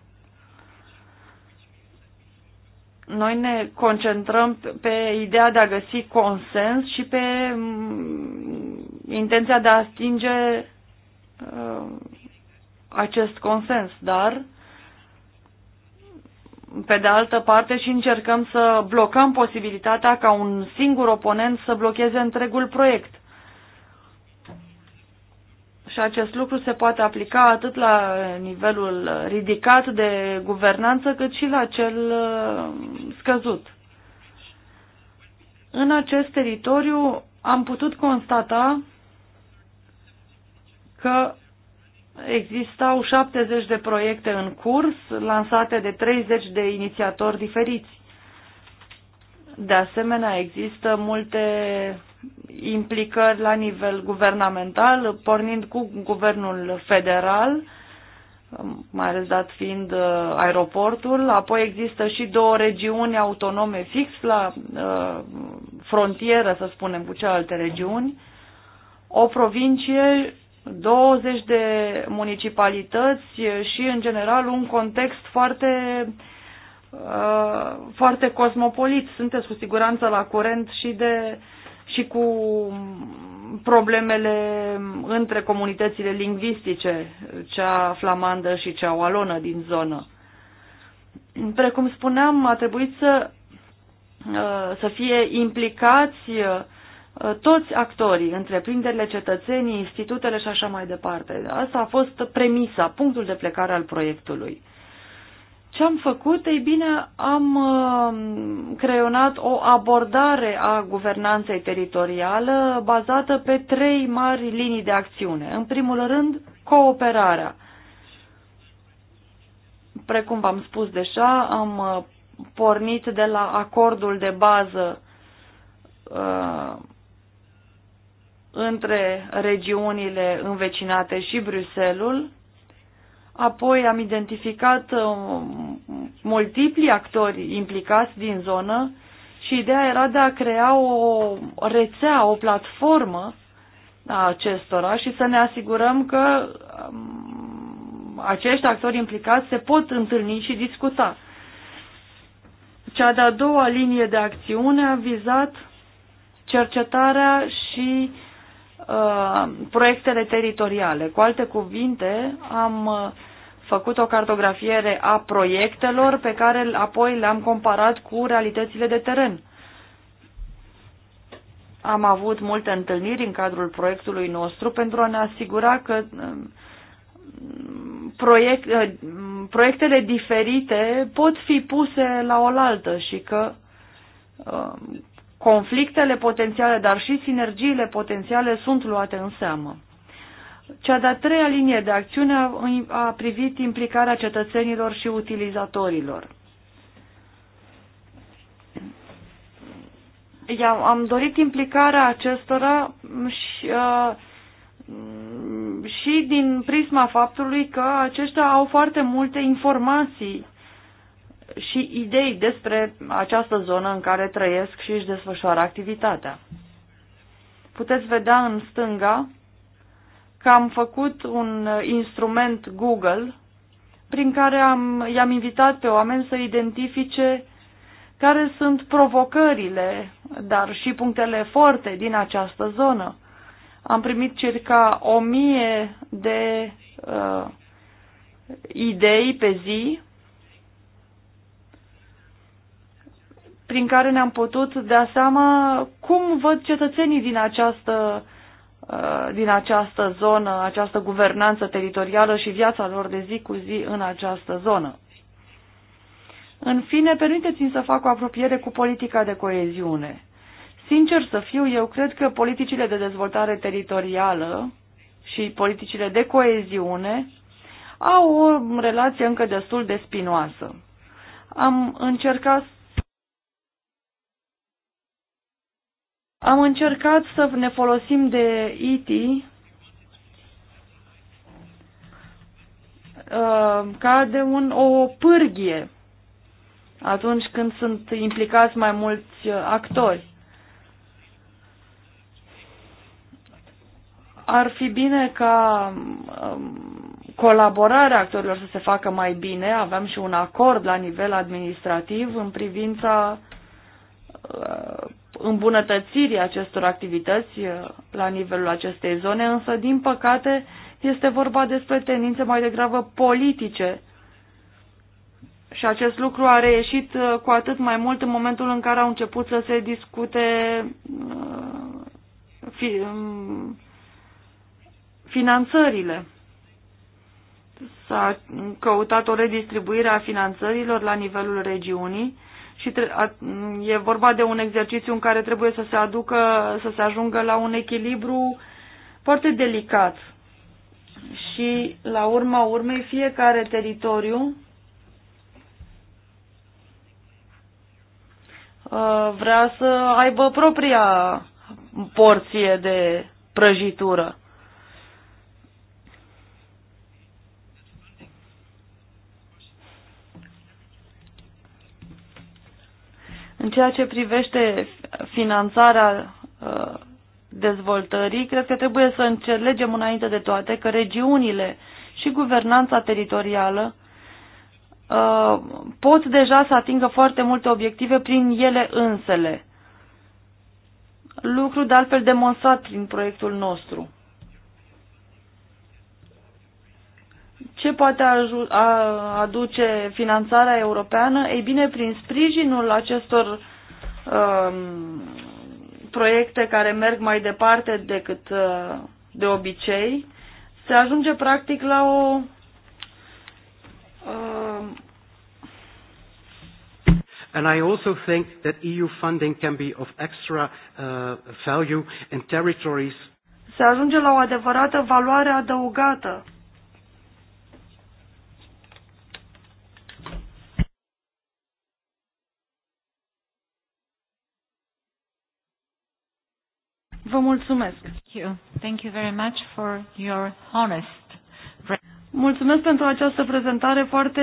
Noi ne concentrăm pe ideea de a găsi consens și pe mm, intenția de a atinge uh, acest consens, dar uh, pe de altă parte și încercăm să blocăm posibilitatea ca un singur oponent să blocheze întregul proiect. Și acest lucru se poate aplica atât la nivelul ridicat de guvernanță, cât și la cel uh, scăzut. În acest teritoriu am putut constata că existau 70 de proiecte în curs, lansate de 30 de inițiatori diferiți. De asemenea, există multe implicări la nivel guvernamental, pornind cu guvernul federal, mai ales dat fiind uh, aeroportul. Apoi există și două regiuni autonome fix la uh, frontieră, să spunem, cu celelalte regiuni, o provincie 20 de municipalități și, în general, un context foarte, uh, foarte cosmopolit. Sunteți cu siguranță la curent și, de, și cu problemele între comunitățile lingvistice, cea flamandă și cea oalonă din zonă. Precum spuneam, a trebuit să, uh, să fie implicați uh, Uh, toți actorii, întreprinderile, cetățenii, institutele și așa mai departe. Asta a fost premisa, punctul de plecare al proiectului. Ce am făcut? Ei bine, am uh, creionat o abordare a guvernanței teritorială bazată pe trei mari linii de acțiune. În primul rând, cooperarea. Precum v-am spus deja, am uh, pornit de la acordul de bază între regiunile învecinate și Bruselul. Apoi am identificat uh, multipli actori implicați din zonă și ideea era de a crea o rețea, o platformă a acestora și să ne asigurăm că um, acești actori implicați se pot întâlni și discuta. Cea de-a doua linie de acțiune a vizat cercetarea și uh, uh, proiectele teritoriale. Cu alte cuvinte, am uh, făcut o cartografiere a proiectelor pe care apoi le-am comparat cu realitățile de teren. Am avut multe întâlniri în cadrul proiectului nostru pentru a ne asigura că um, proiect, uh, proiectele diferite pot fi puse la oaltă și că um, conflictele potențiale, dar și sinergiile potențiale sunt luate în seamă. Cea de-a treia linie de acțiune a privit implicarea cetățenilor și utilizatorilor. am dorit implicarea acestora și, și din prisma faptului că aceștia au foarte multe informații și idei despre această zonă în care trăiesc și își desfășoară activitatea. Puteți vedea în stânga că am făcut un instrument Google prin care am, i-am invitat pe oameni să identifice care sunt provocările, dar și punctele forte din această zonă. Am primit circa o mie de uh, idei pe zi prin care ne-am putut da seama cum văd cetățenii din această, uh, din această zonă, această guvernanță teritorială și viața lor de zi cu zi în această zonă. În fine, permiteți-mi să fac o apropiere cu politica de coeziune. Sincer să fiu, eu cred că politicile de dezvoltare teritorială și politicile de coeziune au o relație încă destul de spinoasă. Am încercat Am încercat să ne folosim de IT uh, ca de un, o pârghie atunci când sunt implicați mai mulți uh, actori. Ar fi bine ca um, colaborarea actorilor să se facă mai bine. Aveam și un acord la nivel administrativ în privința uh, îmbunătățirii acestor activități uh, la nivelul acestei zone, însă, din păcate, este vorba despre tendințe mai degrabă politice. Și acest lucru a reieșit uh, cu atât mai mult în momentul în care au început să se discute uh, fi, um, finanțările. S-a căutat o redistribuire a finanțărilor la nivelul regiunii și e vorba de un exercițiu în care trebuie să se aducă, să se ajungă la un echilibru foarte delicat. Și la urma urmei fiecare teritoriu ă, vrea să aibă propria porție de prăjitură. În ceea ce privește finanțarea uh, dezvoltării, cred că trebuie să înțelegem înainte de toate că regiunile și guvernanța teritorială uh, pot deja să atingă foarte multe obiective prin ele însele. Lucru de altfel demonstrat prin proiectul nostru. Ce poate aduce finanțarea europeană? Ei bine, prin sprijinul acestor um, proiecte care merg mai departe decât uh, de obicei, se ajunge practic la o um, And I also think that EU funding can be of extra uh, value in territories. Se ajunge la o adevărată valoare adăugată Mulțumesc. Thank you. Thank you very much for your honest. Mulțumesc pentru această prezentare foarte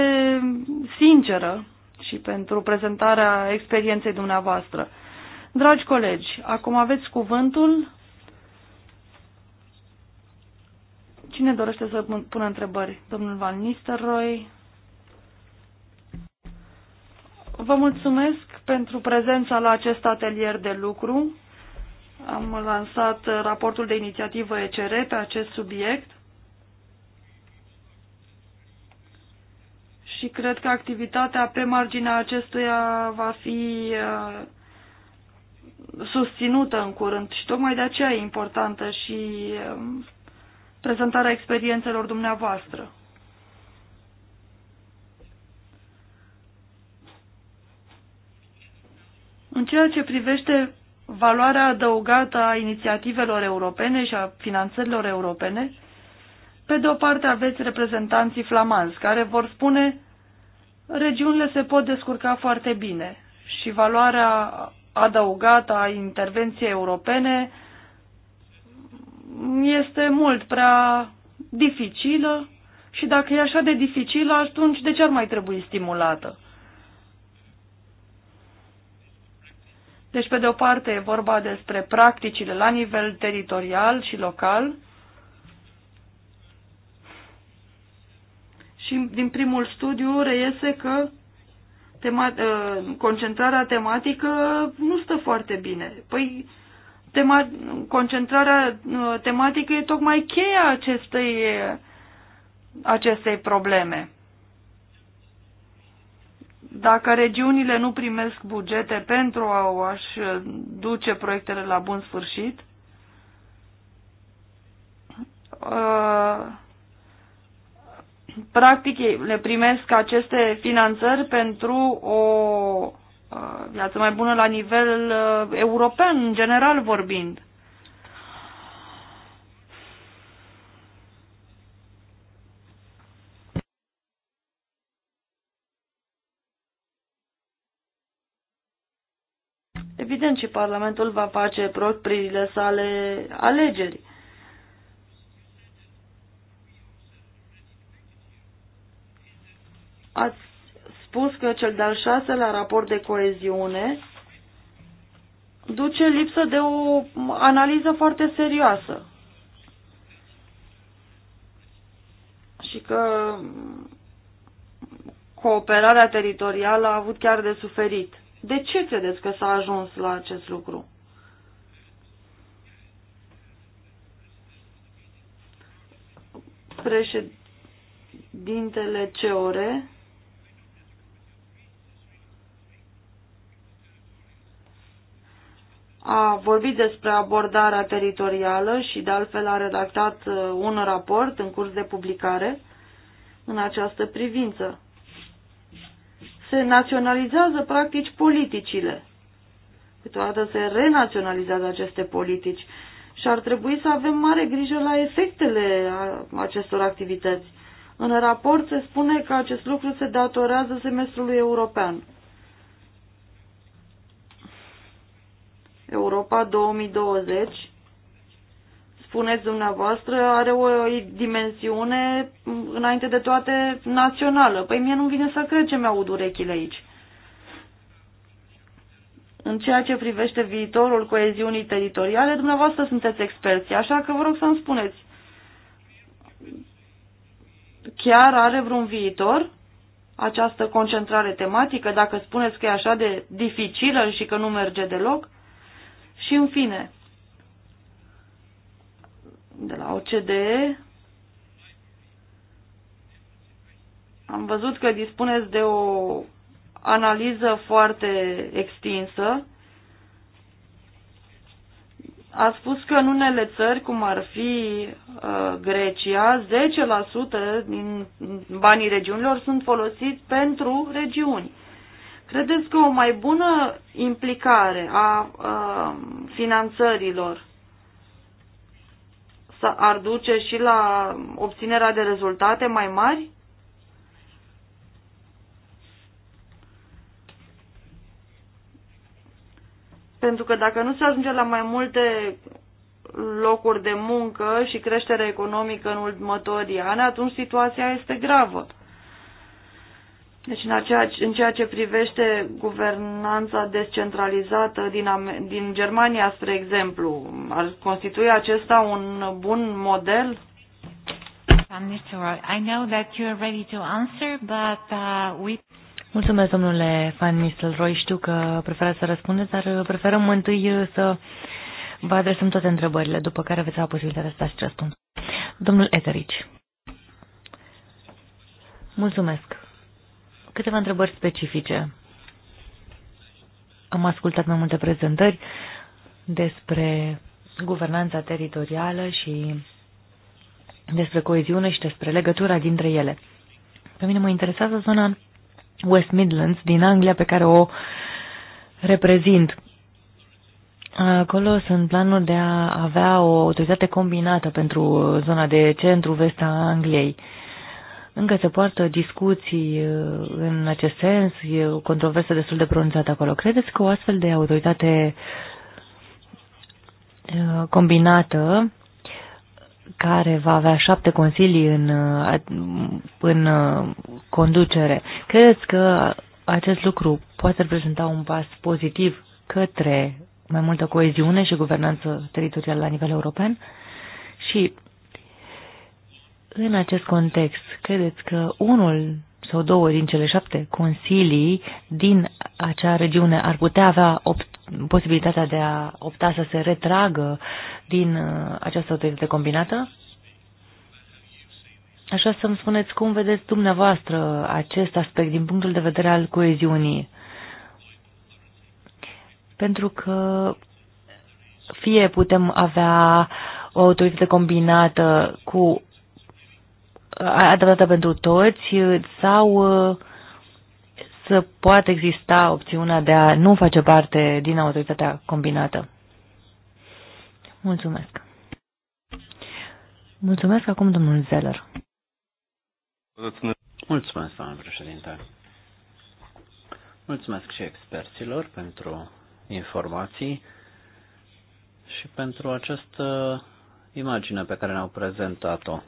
sinceră și pentru prezentarea experienței dumneavoastră. Dragi colegi, acum aveți cuvântul. Cine dorește să pună întrebări? Domnul Van Nistelrooy. Vă mulțumesc pentru prezența la acest atelier de lucru. Am lansat raportul de inițiativă ECR pe acest subiect și cred că activitatea pe marginea acestuia va fi uh, susținută în curând și tocmai de aceea e importantă și um, prezentarea experiențelor dumneavoastră. În ceea ce privește valoarea adăugată a inițiativelor europene și a finanțărilor europene, pe de o parte aveți reprezentanții flamanzi care vor spune regiunile se pot descurca foarte bine și valoarea adăugată a intervenției europene este mult prea dificilă și dacă e așa de dificilă, atunci de ce ar mai trebui stimulată? Deci, pe de o parte, e vorba despre practicile la nivel teritorial și local și din primul studiu reiese că tema ă, concentrarea tematică nu stă foarte bine. Păi, tema concentrarea ă, tematică e tocmai cheia acestei, acestei probleme. Dacă regiunile nu primesc bugete pentru a-și duce proiectele la bun sfârșit, uh, practic le primesc aceste finanțări pentru o uh, viață mai bună la nivel uh, european, în general vorbind. Parlamentul va face propriile sale alegeri. Ați spus că cel de-al șaselea raport de coeziune duce lipsă de o analiză foarte serioasă. Și că cooperarea teritorială a avut chiar de suferit. De ce credeți că s-a ajuns la acest lucru? Președintele ore? a vorbit despre abordarea teritorială și de altfel a redactat uh, un raport în curs de publicare în această privință se naționalizează practic politicile. Câteodată se renaționalizează aceste politici și ar trebui să avem mare grijă la efectele acestor activități. În raport se spune că acest lucru se datorează semestrului european. Europa 2020 spuneți dumneavoastră are o, o dimensiune, înainte de toate, națională. Păi mie nu-mi vine să cred ce mi-aud urechile aici. În ceea ce privește viitorul coeziunii teritoriale, dumneavoastră sunteți experți, așa că vă rog să-mi spuneți. Chiar are vreun viitor această concentrare tematică, dacă spuneți că e așa de dificilă și că nu merge deloc? Și în fine, de la OCDE. Am văzut că dispuneți de o analiză foarte extinsă. A spus că în unele țări, cum ar fi uh, Grecia, 10% din banii regiunilor sunt folosiți pentru regiuni. Credeți că o mai bună implicare a uh, finanțărilor ar duce și la obținerea de rezultate mai mari? Pentru că dacă nu se ajunge la mai multe locuri de muncă și creștere economică în următorii ani, atunci situația este gravă. Deci în, aceea, în ceea ce privește guvernanța descentralizată din, din Germania, spre exemplu, ar constitui acesta un bun model? Uh, Mulțumesc, domnule Van Nistelrooy. Știu că preferați să răspundeți, dar uh, preferăm întâi uh, să vă adresăm toate întrebările, după care veți avea posibilitatea să dați răspuns. Domnul Eterici. Mulțumesc. Câteva întrebări specifice. Am ascultat mai multe prezentări despre guvernanța teritorială și despre coeziune și despre legătura dintre ele. Pe mine mă interesează zona West Midlands din Anglia pe care o reprezint. Acolo sunt planuri de a avea o autoritate combinată pentru zona de centru-vest a Angliei. Uh, încă se poartă discuții uh, în acest sens, e o controversă destul de pronunțată acolo. Credeți că o astfel de autoritate uh, combinată care va avea șapte consilii în, uh, în conducere. Credeți că acest lucru poate reprezenta un pas pozitiv către mai multă coeziune și guvernanță teritorială la nivel european? Și în acest context, credeți că unul sau două din cele șapte consilii din acea regiune ar putea avea posibilitatea de a opta să se retragă din uh, această autoritate combinată? Așa să-mi spuneți cum vedeți dumneavoastră acest aspect din punctul de vedere al coeziunii. Pentru că fie putem avea o autoritate combinată cu adaptată pentru toți sau uh, să poată exista opțiunea de a nu face parte din autoritatea combinată. Mulțumesc. Mulțumesc acum domnul Zeller. Mulțumesc, doamnă președinte. Mulțumesc și experților pentru informații și pentru această imagine pe care ne-au prezentat-o.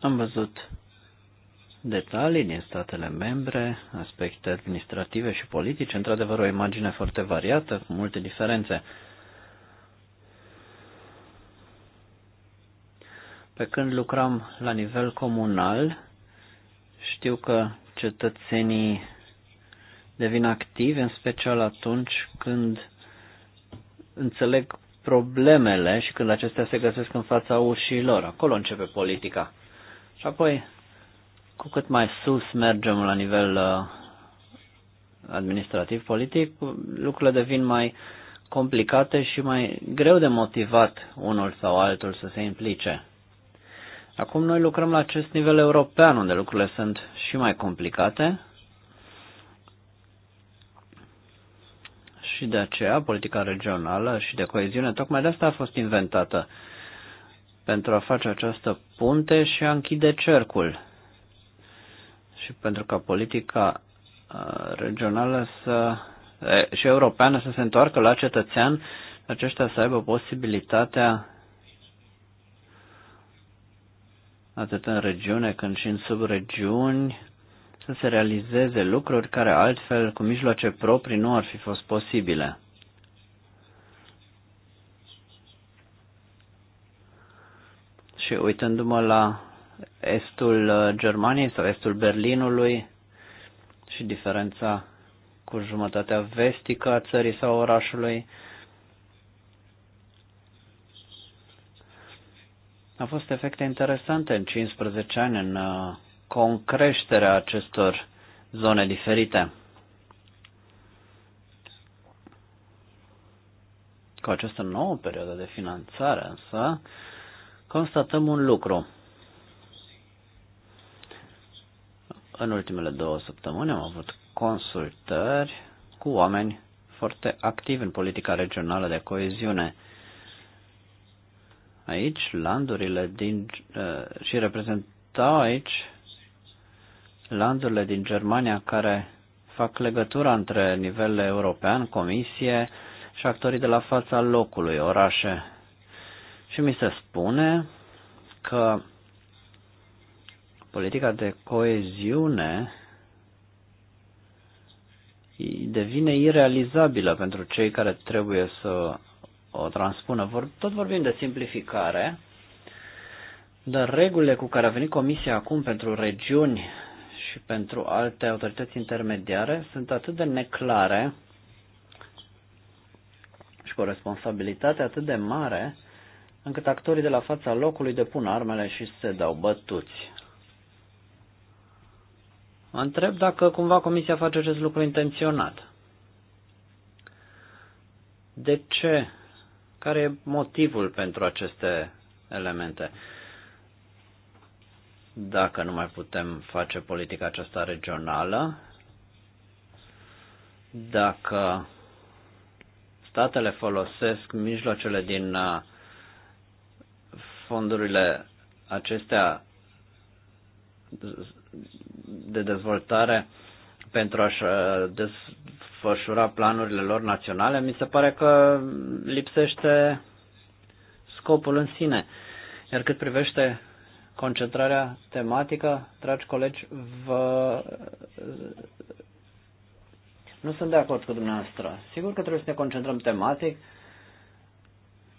Am văzut detalii din statele membre, aspecte administrative și politice, într-adevăr o imagine foarte variată, cu multe diferențe. Pe când lucram la nivel comunal, știu că cetățenii devin activi, în special atunci când înțeleg problemele și când acestea se găsesc în fața ușii lor. Acolo începe politica. Și apoi, cu cât mai sus mergem la nivel uh, administrativ-politic, lucrurile devin mai complicate și mai greu de motivat unul sau altul să se implice. Acum noi lucrăm la acest nivel european, unde lucrurile sunt și mai complicate și de aceea politica regională și de coeziune, tocmai de asta a fost inventată pentru a face această punte și a închide cercul. Și pentru ca politica regională să, și europeană să se întoarcă la cetățean, aceștia să aibă posibilitatea atât în regiune cât și în subregiuni, să se realizeze lucruri care altfel, cu mijloace proprii, nu ar fi fost posibile. și uitându-mă la estul uh, Germaniei sau estul Berlinului și diferența cu jumătatea vestică a țării sau orașului, au fost efecte interesante în 15 ani în uh, concreșterea acestor zone diferite. Cu această nouă perioadă de finanțare, însă, constatăm un lucru. În ultimele două săptămâni am avut consultări cu oameni foarte activi în politica regională de coeziune. Aici, landurile din, uh, și reprezentau aici landurile din Germania care fac legătura între nivelul european, comisie și actorii de la fața locului, orașe. Și mi se spune că politica de coeziune devine irealizabilă pentru cei care trebuie să o transpună. tot vorbim de simplificare, dar regulile cu care a venit Comisia acum pentru regiuni și pentru alte autorități intermediare sunt atât de neclare și cu o responsabilitate atât de mare încât actorii de la fața locului depun armele și se dau bătuți. Mă întreb dacă cumva comisia face acest lucru intenționat. De ce? Care e motivul pentru aceste elemente? Dacă nu mai putem face politica aceasta regională, dacă statele folosesc mijloacele din uh, fondurile acestea de dezvoltare pentru a-și uh, desfășura planurile lor naționale, mi se pare că lipsește scopul în sine. Iar cât privește concentrarea tematică, dragi colegi, vă... nu sunt de acord cu dumneavoastră. Sigur că trebuie să ne concentrăm tematic,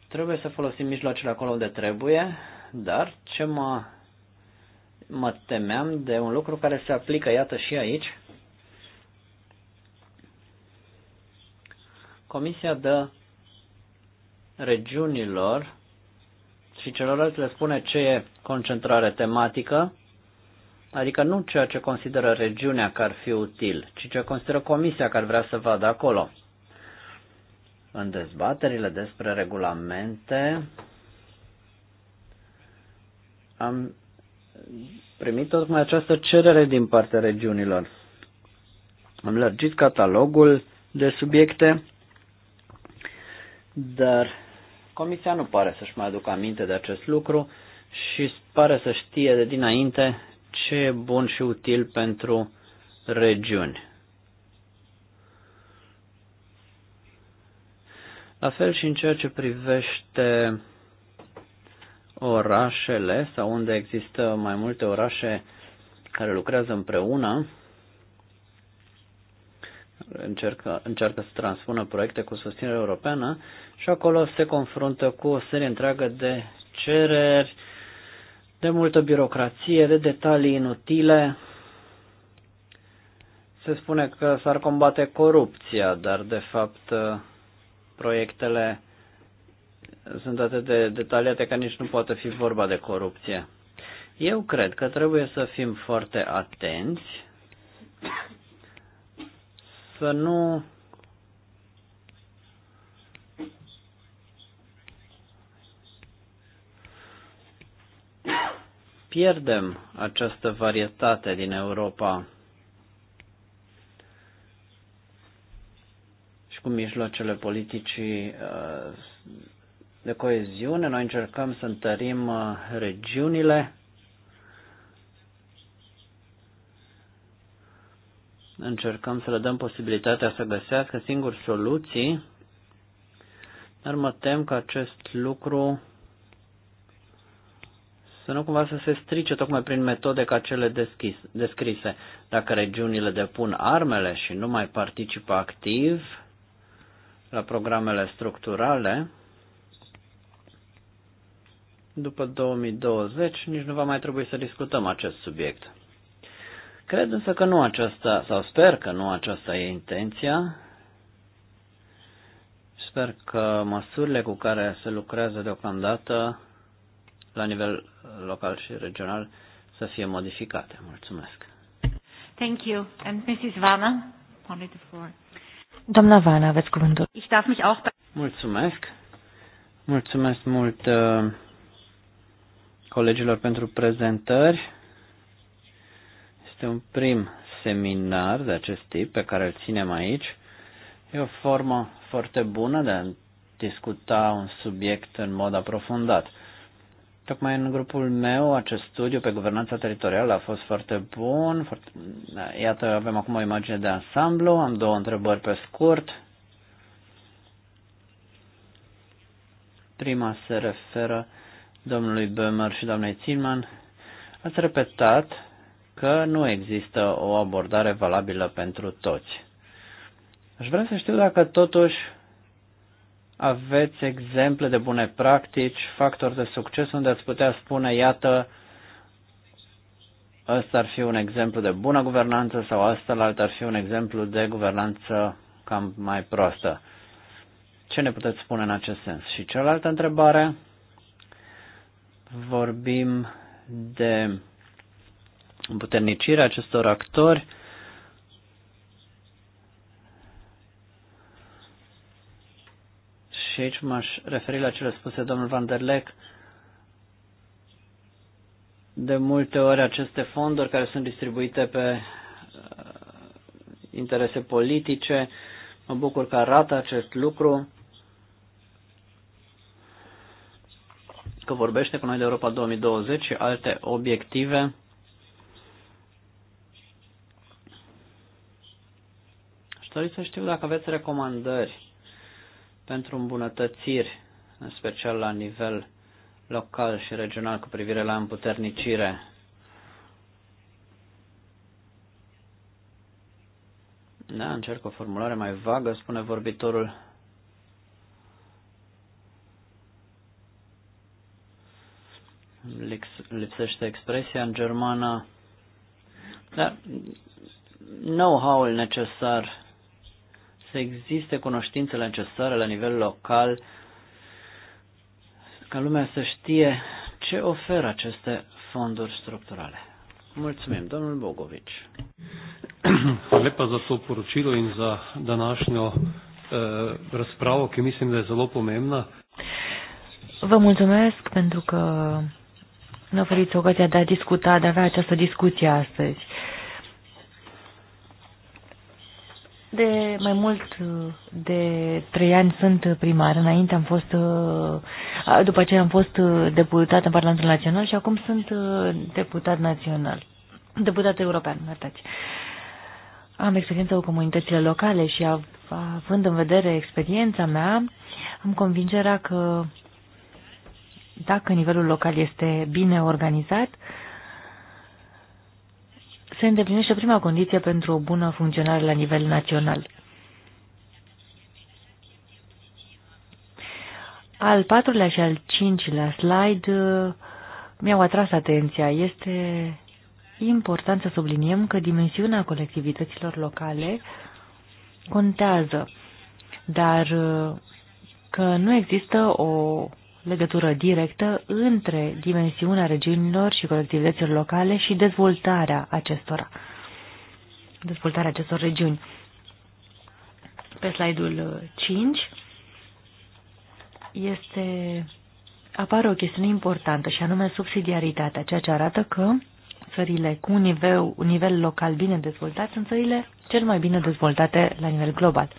Trebuie să folosim mijloacele acolo unde trebuie, dar ce mă, mă temeam de un lucru care se aplică, iată, și aici. Comisia dă regiunilor și celorlalți le spune ce e concentrare tematică, adică nu ceea ce consideră regiunea că ar fi util, ci ce consideră comisia că ar vrea să vadă acolo. În dezbaterile despre regulamente am primit tocmai această cerere din partea regiunilor. Am lărgit catalogul de subiecte, dar Comisia nu pare să-și mai aducă aminte de acest lucru și pare să știe de dinainte ce e bun și util pentru regiuni. La fel și în ceea ce privește orașele sau unde există mai multe orașe care lucrează împreună, încearcă, încearcă să transpună proiecte cu susținere europeană și acolo se confruntă cu o serie întreagă de cereri, de multă birocrație, de detalii inutile. Se spune că s-ar combate corupția, dar de fapt proiectele sunt atât de detaliate că nici nu poate fi vorba de corupție. Eu cred că trebuie să fim foarte atenți să nu pierdem această varietate din Europa și cu mijloacele politicii uh, de coeziune. Noi încercăm să întărim uh, regiunile. Încercăm să le dăm posibilitatea să găsească singuri soluții, dar mă tem că acest lucru să nu cumva să se strice tocmai prin metode ca cele deschis, descrise. Dacă regiunile depun armele și nu mai participă activ, la programele structurale, după 2020 nici nu va mai trebui să discutăm acest subiect. Cred însă că nu aceasta, sau sper că nu aceasta e intenția. Sper că măsurile cu care se lucrează deocamdată la nivel local și regional să fie modificate. Mulțumesc. Thank you. And Mrs. Vana, only the floor. Doamna Vana, aveți cuvântul. Ich darf mich auch... Mulțumesc. Mulțumesc mult uh, colegilor pentru prezentări. Este un prim seminar de acest tip pe care îl ținem aici. E o formă foarte bună de a discuta un subiect în mod aprofundat. Tocmai în grupul meu acest studiu pe guvernanța teritorială a fost foarte bun. Foarte... Iată, avem acum o imagine de ansamblu, am două întrebări pe scurt. Prima se referă domnului Bömer și doamnei Zilman. Ați repetat că nu există o abordare valabilă pentru toți. Aș vrea să știu dacă totuși aveți exemple de bune practici, factori de succes unde ați putea spune, iată, ăsta ar fi un exemplu de bună guvernanță sau asta ar fi un exemplu de guvernanță cam mai proastă. Ce ne puteți spune în acest sens? Și cealaltă întrebare, vorbim de împuternicirea acestor actori, Și aici m-aș referi la cele spuse domnul Van der Leck. De multe ori aceste fonduri care sunt distribuite pe uh, interese politice, mă bucur că arată acest lucru, că vorbește cu noi de Europa 2020 și alte obiective. Aș dori să știu dacă aveți recomandări pentru îmbunătățiri, în special la nivel local și regional cu privire la împuternicire. Da, încerc o formulare mai vagă, spune vorbitorul. Lipsește expresia în germană. Da, know-how-ul necesar să existe cunoștințele necesare la nivel local ca lumea să știe ce oferă aceste fonduri structurale. Mulțumim, domnul Bogovic. Lepa za to poročilo in za današnjo eh, razpravo, ki mislim, da je zelo pomembna. Vă mulțumesc pentru că ne oferiți ocazia de a discuta, de a avea această discuție astăzi. Uh, De mai mult uh, de trei ani sunt primar. Înainte am fost, uh, după aceea am fost uh, deputat în Parlamentul Național și acum sunt deputat național, deputat european, iertați. Am experiență cu comunitățile locale și având în vedere experiența mea, am convingerea că dacă nivelul local este bine organizat, uh, se îndeplinește prima condiție pentru o bună funcționare la nivel național. Al patrulea și al cincilea slide uh, mi-au atras atenția. Este important să subliniem că dimensiunea colectivităților locale contează, dar uh, că nu există o legătură directă între dimensiunea regiunilor și colectivităților locale și dezvoltarea acestora, dezvoltarea acestor regiuni. Pe slide-ul 5 uh, este, apare o chestiune importantă și anume subsidiaritatea, ceea ce arată că țările cu un nivel, un nivel local bine dezvoltat sunt țările cel mai bine dezvoltate la nivel global.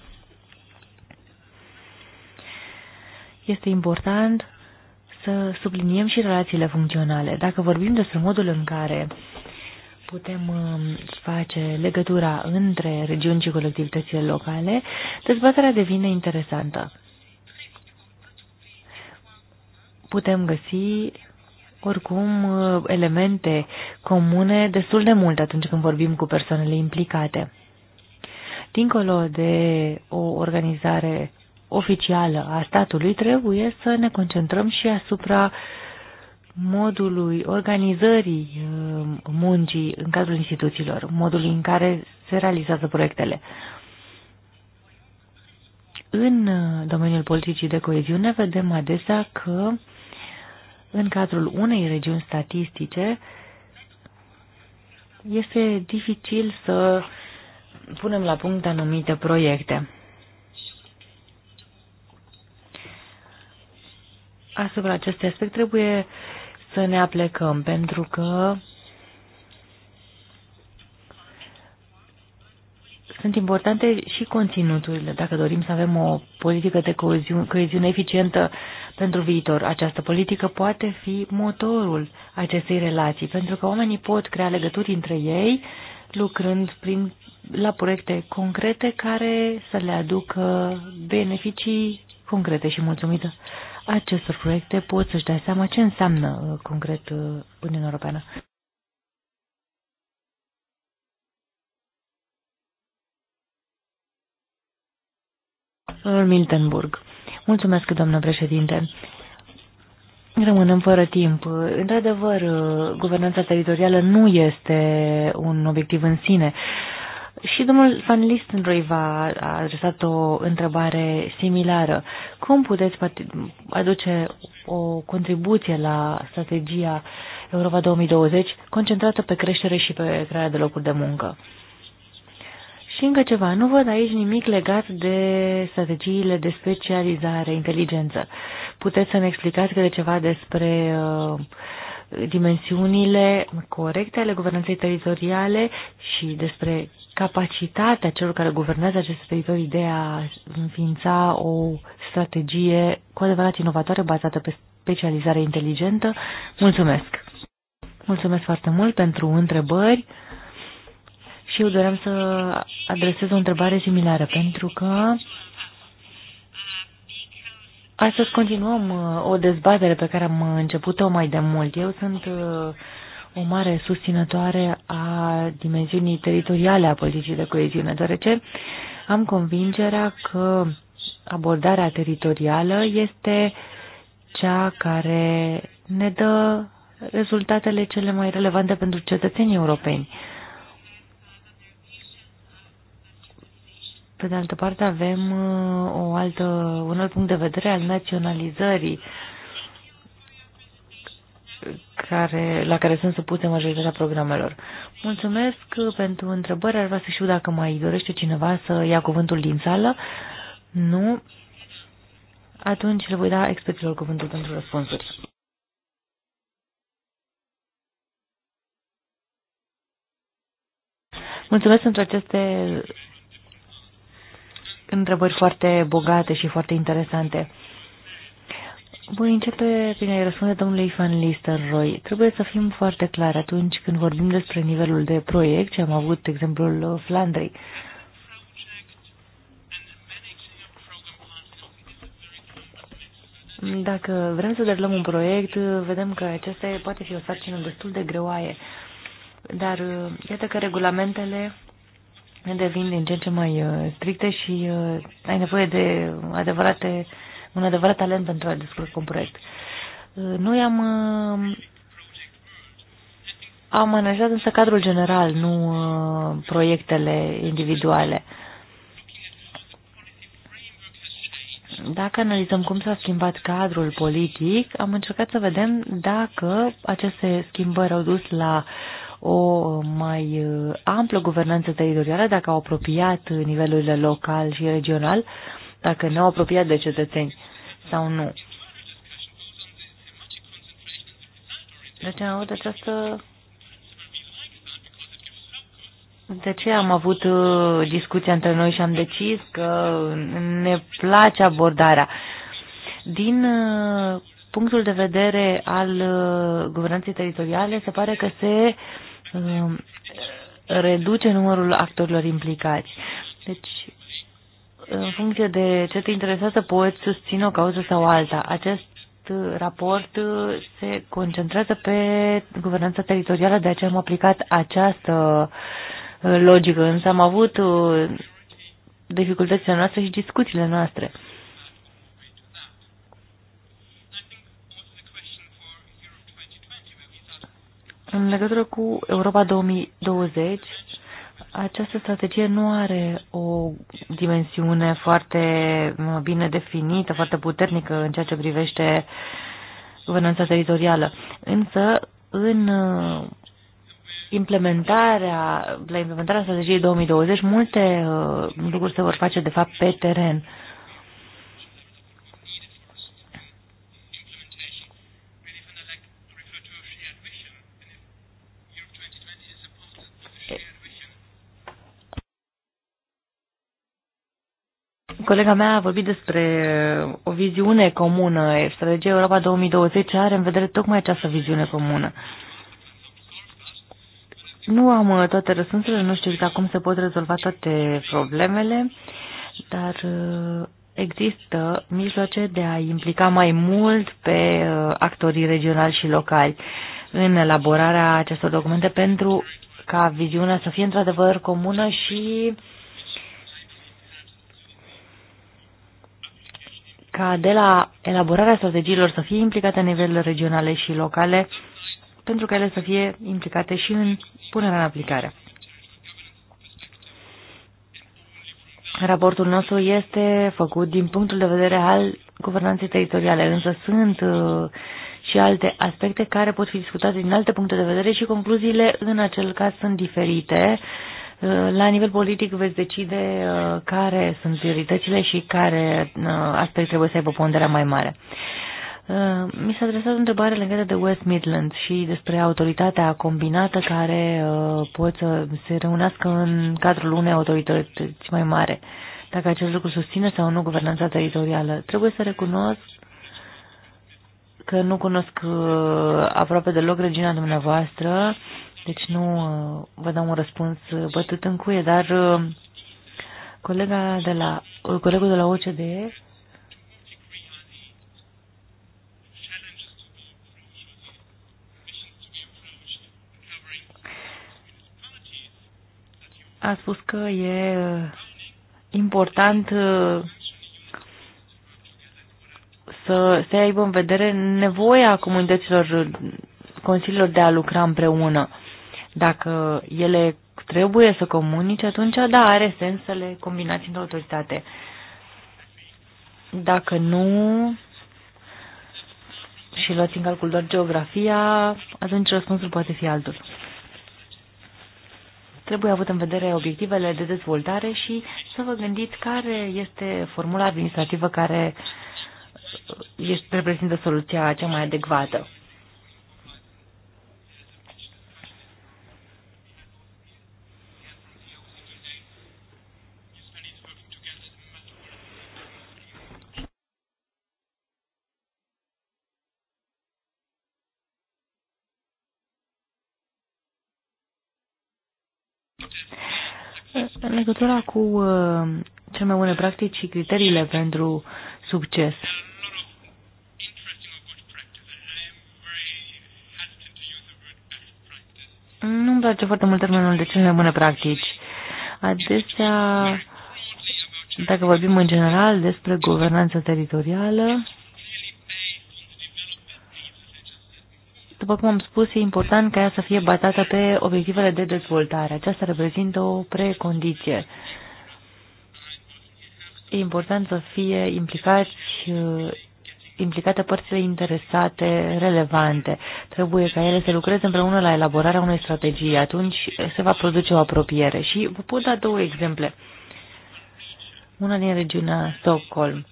Este important să subliniem și relațiile funcționale. Dacă vorbim despre modul în care putem um, face legătura între regiuni și colectivitățile locale, dezbaterea devine interesantă. Putem găsi oricum uh, elemente comune destul de mult atunci când vorbim cu persoanele implicate. Dincolo de o organizare oficială a statului, trebuie să ne concentrăm și asupra modului organizării uh, muncii în cadrul instituțiilor, modului în care se realizează proiectele. În uh, domeniul politicii de coeziune vedem adesea că în cadrul unei regiuni statistice este dificil să punem la punct anumite proiecte. asupra acestui aspect trebuie să ne aplecăm, pentru că sunt importante și conținuturile. Dacă dorim să avem o politică de coeziune eficientă pentru viitor, această politică poate fi motorul acestei relații, pentru că oamenii pot crea legături între ei, lucrând prin, la proiecte concrete care să le aducă beneficii concrete și mulțumită acestor proiecte pot să-și dea seama ce înseamnă uh, concret uh, Uniunea Europeană. Miltenburg. Mulțumesc, doamnă președinte. Rămânem fără timp. Într-adevăr, uh, guvernanța teritorială nu este un obiectiv în sine. Și domnul Van Listenroy v-a adresat o întrebare similară. Cum puteți aduce o contribuție la strategia Europa 2020 concentrată pe creștere și pe crearea de locuri de muncă? Și încă ceva, nu văd aici nimic legat de strategiile de specializare, inteligență. Puteți să ne explicați câte ceva despre uh, dimensiunile corecte ale guvernanței teritoriale și despre capacitatea celor care guvernează acest teritoriu de a înființa o strategie cu adevărat inovatoare bazată pe specializare inteligentă. Mulțumesc! Mulțumesc foarte mult pentru întrebări și eu doream să adresez o întrebare similară pentru că astăzi continuăm uh, o dezbatere pe care am început-o mai de mult. Eu sunt uh, o mare susținătoare a dimensiunii teritoriale a politicii de coeziune, deoarece am convingerea că abordarea teritorială este cea care ne dă rezultatele cele mai relevante pentru cetățenii europeni. Pe de altă parte, avem uh, o altă, un alt punct de vedere al naționalizării uh, care, la care sunt supuse majoritatea programelor. Mulțumesc pentru întrebări. Ar vrea să știu dacă mai dorește cineva să ia cuvântul din sală. Nu? Atunci le voi da expertilor cuvântul pentru răspunsuri. Mulțumesc pentru aceste întrebări foarte bogate și foarte interesante. Voi începe prin a-i răspunde domnului Van Roy. Trebuie să fim foarte clari atunci când vorbim despre nivelul de proiect, ce am avut exemplul uh, Flandrei. Dacă vrem să derlăm un proiect, uh, vedem că acesta poate fi o sarcină destul de greoaie. Dar uh, iată că regulamentele devin din ce în ce mai stricte și ai nevoie de adevărate uh, un adevărat talent pentru a descurca un proiect. Uh, noi am, uh, am analizat însă cadrul general, nu uh, proiectele individuale. Dacă analizăm cum s-a schimbat cadrul politic, am încercat să vedem dacă aceste schimbări au dus la o mai amplă guvernanță teritorială, dacă au apropiat nivelurile local și regional, uh, dacă ne-au apropiat de cetățeni sau nu. De deci ce am avut această... De ce am avut uh, discuția între noi și am decis că ne place abordarea? Din uh, punctul de vedere al uh, guvernanței teritoriale, se pare că se reduce numărul actorilor implicați. Deci, în funcție de ce te interesează, poți susține o cauză sau alta. Acest uh, raport uh, se concentrează pe guvernanța teritorială, de aceea am aplicat această uh, logică, însă am avut dificultățile noastre și discuțiile noastre. În legătură cu Europa 2020, această strategie nu are o dimensiune foarte bine definită, foarte puternică în ceea ce privește guvernanța teritorială. Însă, în uh, implementarea, la implementarea strategiei 2020, multe uh, lucruri se vor face, de fapt, pe teren. Colega mea a vorbit despre uh, o viziune comună. Strategia Europa 2020 are în vedere tocmai această viziune comună. Nu am uh, toate răspunsurile, nu știu exact cum se pot rezolva toate problemele, dar uh, există mijloace de a implica mai mult pe actorii regionali și locali în elaborarea acestor documente pentru ca viziunea să fie într-adevăr comună și uh, ca de la elaborarea strategiilor să fie implicate la nivel regionale și locale, pentru că ele să fie implicate și în punerea în aplicare. Raportul nostru este făcut din punctul de vedere al guvernanței teritoriale, însă sunt uh, și alte aspecte care pot fi discutate din alte puncte de vedere și concluziile în acel caz sunt diferite. Uh, la nivel politic veți decide uh, care sunt prioritățile și care uh, aspect trebuie să aibă ponderea mai mare. Uh, mi s-a adresat o întrebare legată de West Midlands și despre autoritatea combinată care pot să se reunească în cadrul unei autorități mai mare. Dacă acest lucru susține sau nu guvernanța teritorială. Trebuie să recunosc că nu cunosc aproape deloc regina dumneavoastră deci nu uh, vă dau un răspuns uh, bătut în cuie, dar uh, colega de la, colegul de la OCDE a spus că e important să se aibă în vedere nevoia comunităților consiliilor de a lucra împreună. Dacă ele trebuie să comunice, atunci da, are sens să le combinați într-o autoritate. Dacă nu și luați în calcul doar geografia, atunci răspunsul poate fi altul. Trebuie avut în vedere obiectivele de dezvoltare și să vă gândiți care este formula administrativă care este, reprezintă soluția cea mai adecvată. legătura cu uh, cel mai bune practici și criteriile pentru succes. Nu-mi place foarte mult termenul de cele mai bune practici. Adesea, dacă vorbim în general despre guvernanță teritorială, după cum am spus, e important ca ea să fie bazată pe obiectivele de dezvoltare. Aceasta reprezintă o precondiție. E important să fie implicați, implicate părțile interesate, relevante. Trebuie ca ele să lucreze împreună la elaborarea unei strategii. Atunci se va produce o apropiere. Și vă pot da două exemple. Una din regiunea Stockholm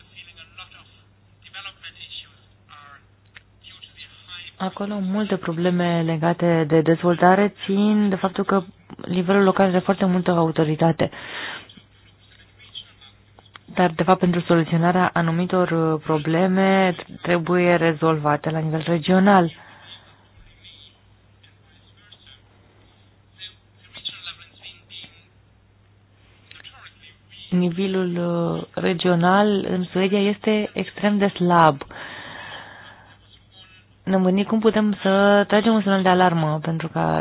Acolo multe probleme legate de dezvoltare țin de faptul că nivelul local are foarte multă autoritate. Dar, de fapt, pentru soluționarea anumitor uh, probleme trebuie rezolvate la nivel regional. Nivelul uh, regional în Suedia este extrem de slab. Uh, ne-am gândit cum putem să tragem un semnal de alarmă pentru ca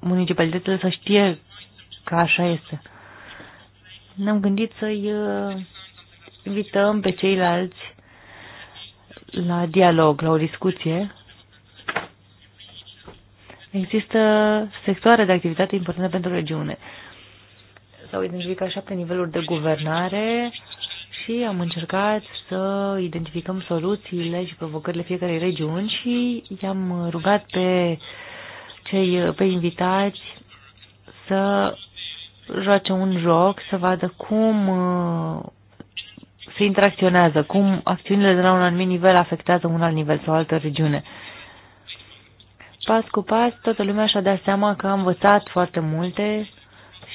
municipalitățile să știe că așa este. Ne-am gândit să-i uh, invităm pe ceilalți la dialog, la o discuție. Există sectoare de activitate importante pentru regiune. S-au identificat șapte niveluri de guvernare, și am încercat să identificăm soluțiile și provocările fiecarei regiuni și i-am rugat pe cei pe invitați să joace un joc, să vadă cum uh, se interacționează, cum acțiunile de la un anumit nivel afectează un alt nivel sau altă regiune. Pas cu pas, toată lumea și-a dat seama că a învățat foarte multe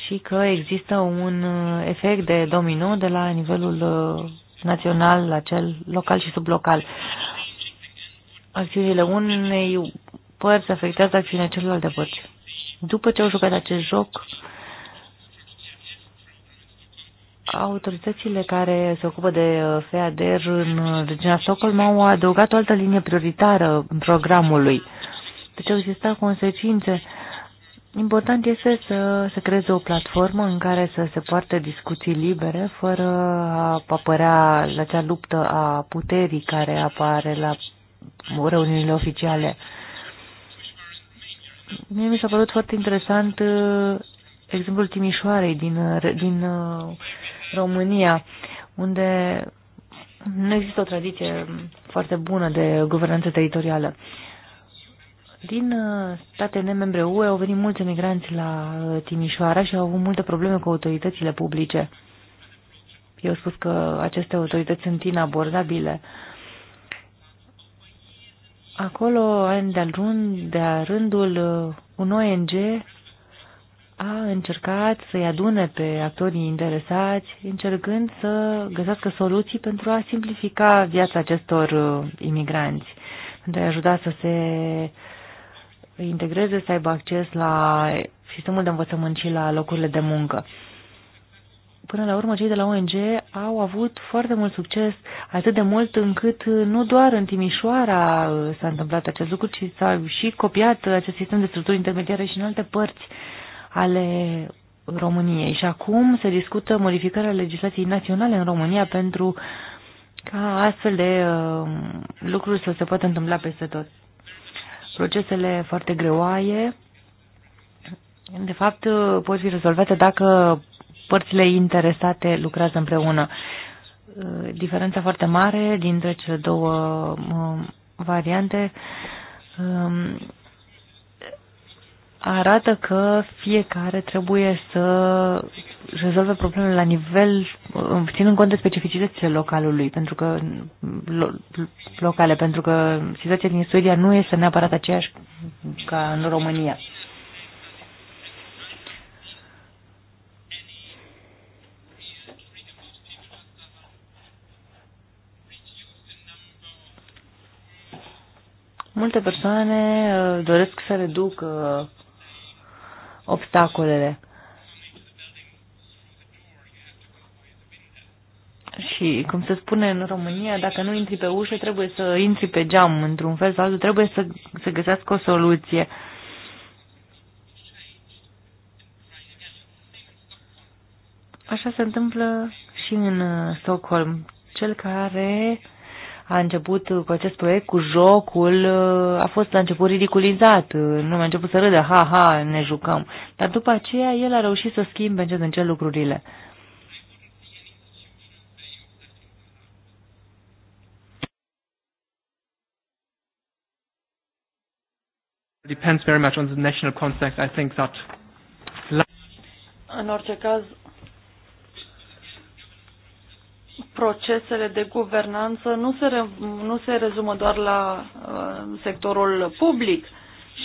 și că există un uh, efect de domino de la nivelul uh, național la cel local și sublocal. Acțiunile unei părți afectează acțiunea celorlalte părți. După ce au jucat acest joc, autoritățile care se ocupă de uh, FEADER în regiunea Stockholm au adăugat o altă linie prioritară în programului. Deci au existat consecințe uh, Important este să se creeze o platformă în care să se poarte discuții libere, fără a apărea la acea luptă a puterii care apare la reuniunile oficiale. Mie mi s-a părut foarte interesant uh, exemplul Timișoarei din, din uh, România, unde nu există o tradiție foarte bună de guvernanță teritorială. Din uh, statele membre UE au venit mulți emigranți la uh, Timișoara și au avut multe probleme cu autoritățile publice. Eu spus că aceste autorități sunt inabordabile. Acolo, de-a de rândul, uh, un ONG a încercat să-i adune pe actorii interesați, încercând să găsească soluții pentru a simplifica viața acestor imigranți, pentru a ajuta să se integreze, să aibă acces la sistemul de învățământ și la locurile de muncă. Până la urmă, cei de la ONG au avut foarte mult succes, atât de mult încât nu doar în Timișoara uh, s-a întâmplat acest lucru, ci s-a și copiat acest sistem de structuri intermediare și în alte părți ale României. Și acum se discută modificarea legislației naționale în România pentru ca astfel de uh, lucruri să se poată întâmpla peste tot procesele foarte greoaie, de fapt, pot fi rezolvate dacă părțile interesate lucrează împreună. Diferența foarte mare dintre cele două um, variante um, arată că fiecare trebuie să rezolve problemele la nivel, ținând cont de specificitățile localului, pentru că lo, locale, pentru că situația din Suedia nu este neapărat aceeași ca în România. Multe persoane uh, doresc să reducă obstacolele. Și, cum se spune în România, dacă nu intri pe ușă, trebuie să intri pe geam, într-un fel sau altul, trebuie să, să găsească o soluție. Așa se întâmplă și în uh, Stockholm. Cel care a început cu acest proiect, cu jocul, a fost la început ridiculizat, nu a început să râdă, ha, ha, ne jucăm. Dar după aceea el a reușit să schimbe încet încet lucrurile. depends very much on the national context. I think that în orice caz, procesele de guvernanță nu se, re, nu se rezumă doar la uh, sectorul public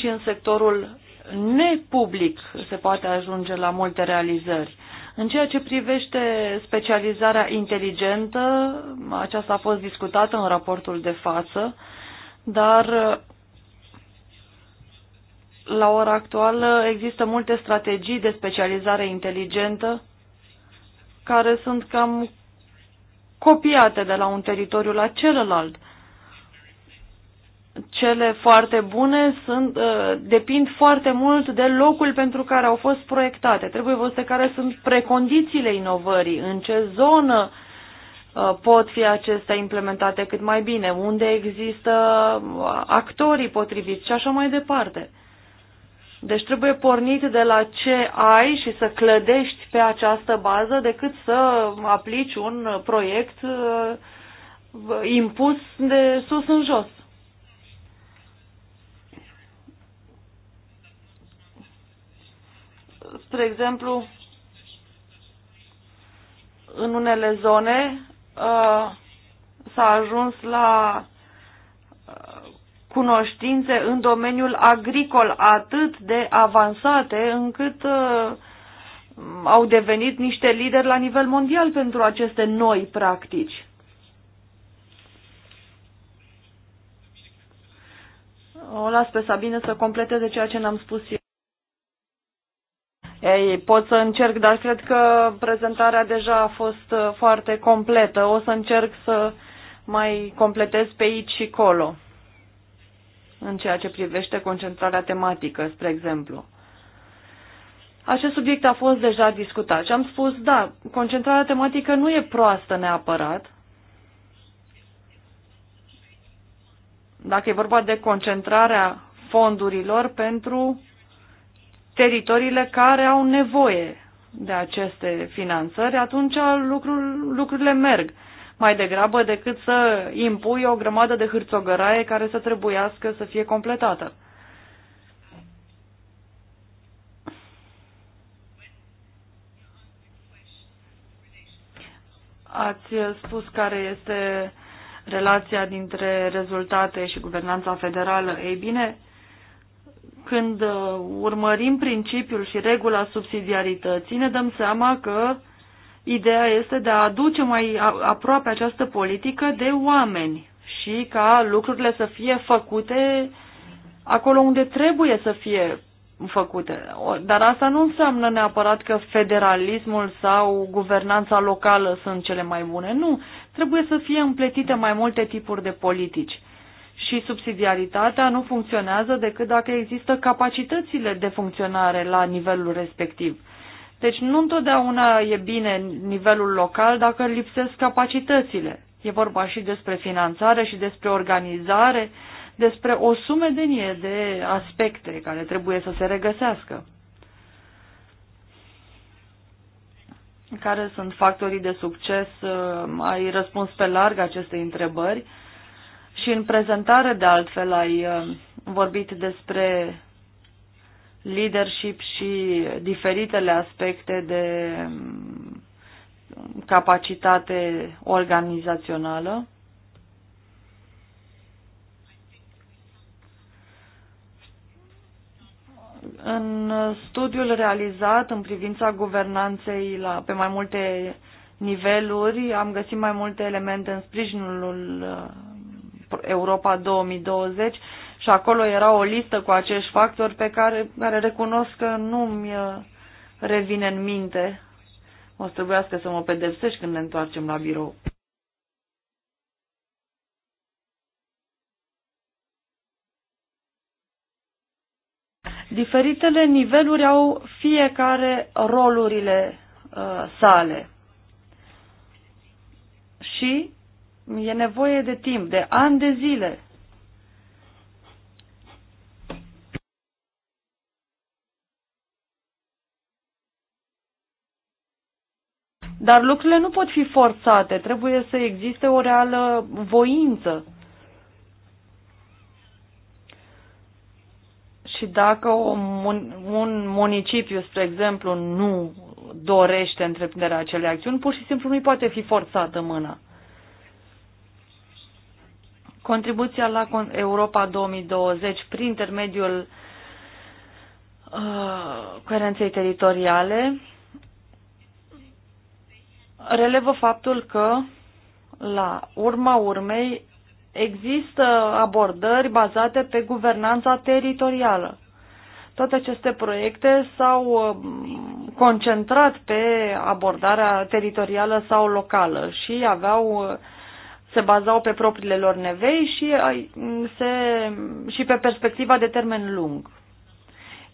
și în sectorul nepublic se poate ajunge la multe realizări. În ceea ce privește specializarea inteligentă, aceasta a fost discutată în raportul de față, dar uh, la ora actuală există multe strategii de specializare inteligentă care sunt cam copiate de la un teritoriu la celălalt. Cele foarte bune sunt, uh, depind foarte mult de locul pentru care au fost proiectate. Trebuie văzute care sunt precondițiile inovării, în ce zonă uh, pot fi acestea implementate cât mai bine, unde există actorii potriviți și așa mai departe. Deci trebuie pornit de la ce ai și să clădești pe această bază decât să aplici un proiect uh, impus de sus în jos. Spre exemplu, în unele zone uh, s-a ajuns la cunoștințe în domeniul agricol atât de avansate încât uh, au devenit niște lideri la nivel mondial pentru aceste noi practici. O las pe Sabine să completeze ceea ce n-am spus eu. Ei, pot să încerc, dar cred că prezentarea deja a fost uh, foarte completă. O să încerc să mai completez pe aici și colo în ceea ce privește concentrarea tematică, spre exemplu. Acest subiect a fost deja discutat și am spus, da, concentrarea tematică nu e proastă neapărat. Dacă e vorba de concentrarea fondurilor pentru teritoriile care au nevoie de aceste finanțări, atunci lucrurile merg mai degrabă decât să impui o grămadă de hârțogăraie care să trebuiască să fie completată. Ați spus care este relația dintre rezultate și guvernanța federală. Ei bine, când urmărim principiul și regula subsidiarității, ne dăm seama că uh, Ideea este de a aduce mai aproape această politică de oameni și ca lucrurile să fie făcute acolo unde trebuie să fie făcute. Dar asta nu înseamnă neapărat că federalismul sau guvernanța locală sunt cele mai bune. Nu. Trebuie să fie împletite mai multe tipuri de politici. Și subsidiaritatea nu funcționează decât dacă există capacitățile de funcționare la nivelul respectiv. Deci nu întotdeauna e bine nivelul local dacă lipsesc capacitățile. E vorba și despre finanțare și despre organizare, despre o sumedenie de aspecte care trebuie să se regăsească. Care sunt factorii de succes? Uh, ai răspuns pe larg aceste întrebări și în prezentare de altfel ai uh, vorbit despre leadership și diferitele aspecte de mm, capacitate organizațională. În studiul realizat în privința guvernanței la, pe mai multe niveluri, am găsit mai multe elemente în sprijinul uh, Europa 2020 și acolo era o listă cu acești factori pe care, care recunosc că nu mi uh, revine în minte. O să trebuiască să mă pedepsești când ne întoarcem la birou. Diferitele niveluri au fiecare rolurile uh, sale. Și e nevoie de timp, de ani de zile Dar lucrurile nu pot fi forțate, trebuie să existe o reală voință. Și dacă un, un municipiu, spre exemplu, nu dorește întreprinderea acelei acțiuni, pur și simplu nu-i poate fi forțată mâna. Contribuția la Europa 2020 prin intermediul uh, coerenței teritoriale relevă faptul că, la urma urmei, există abordări bazate pe guvernanța teritorială. Toate aceste proiecte s-au um, concentrat pe abordarea teritorială sau locală și aveau uh, se bazau pe propriile lor nevei și, uh, se, și pe perspectiva de termen lung.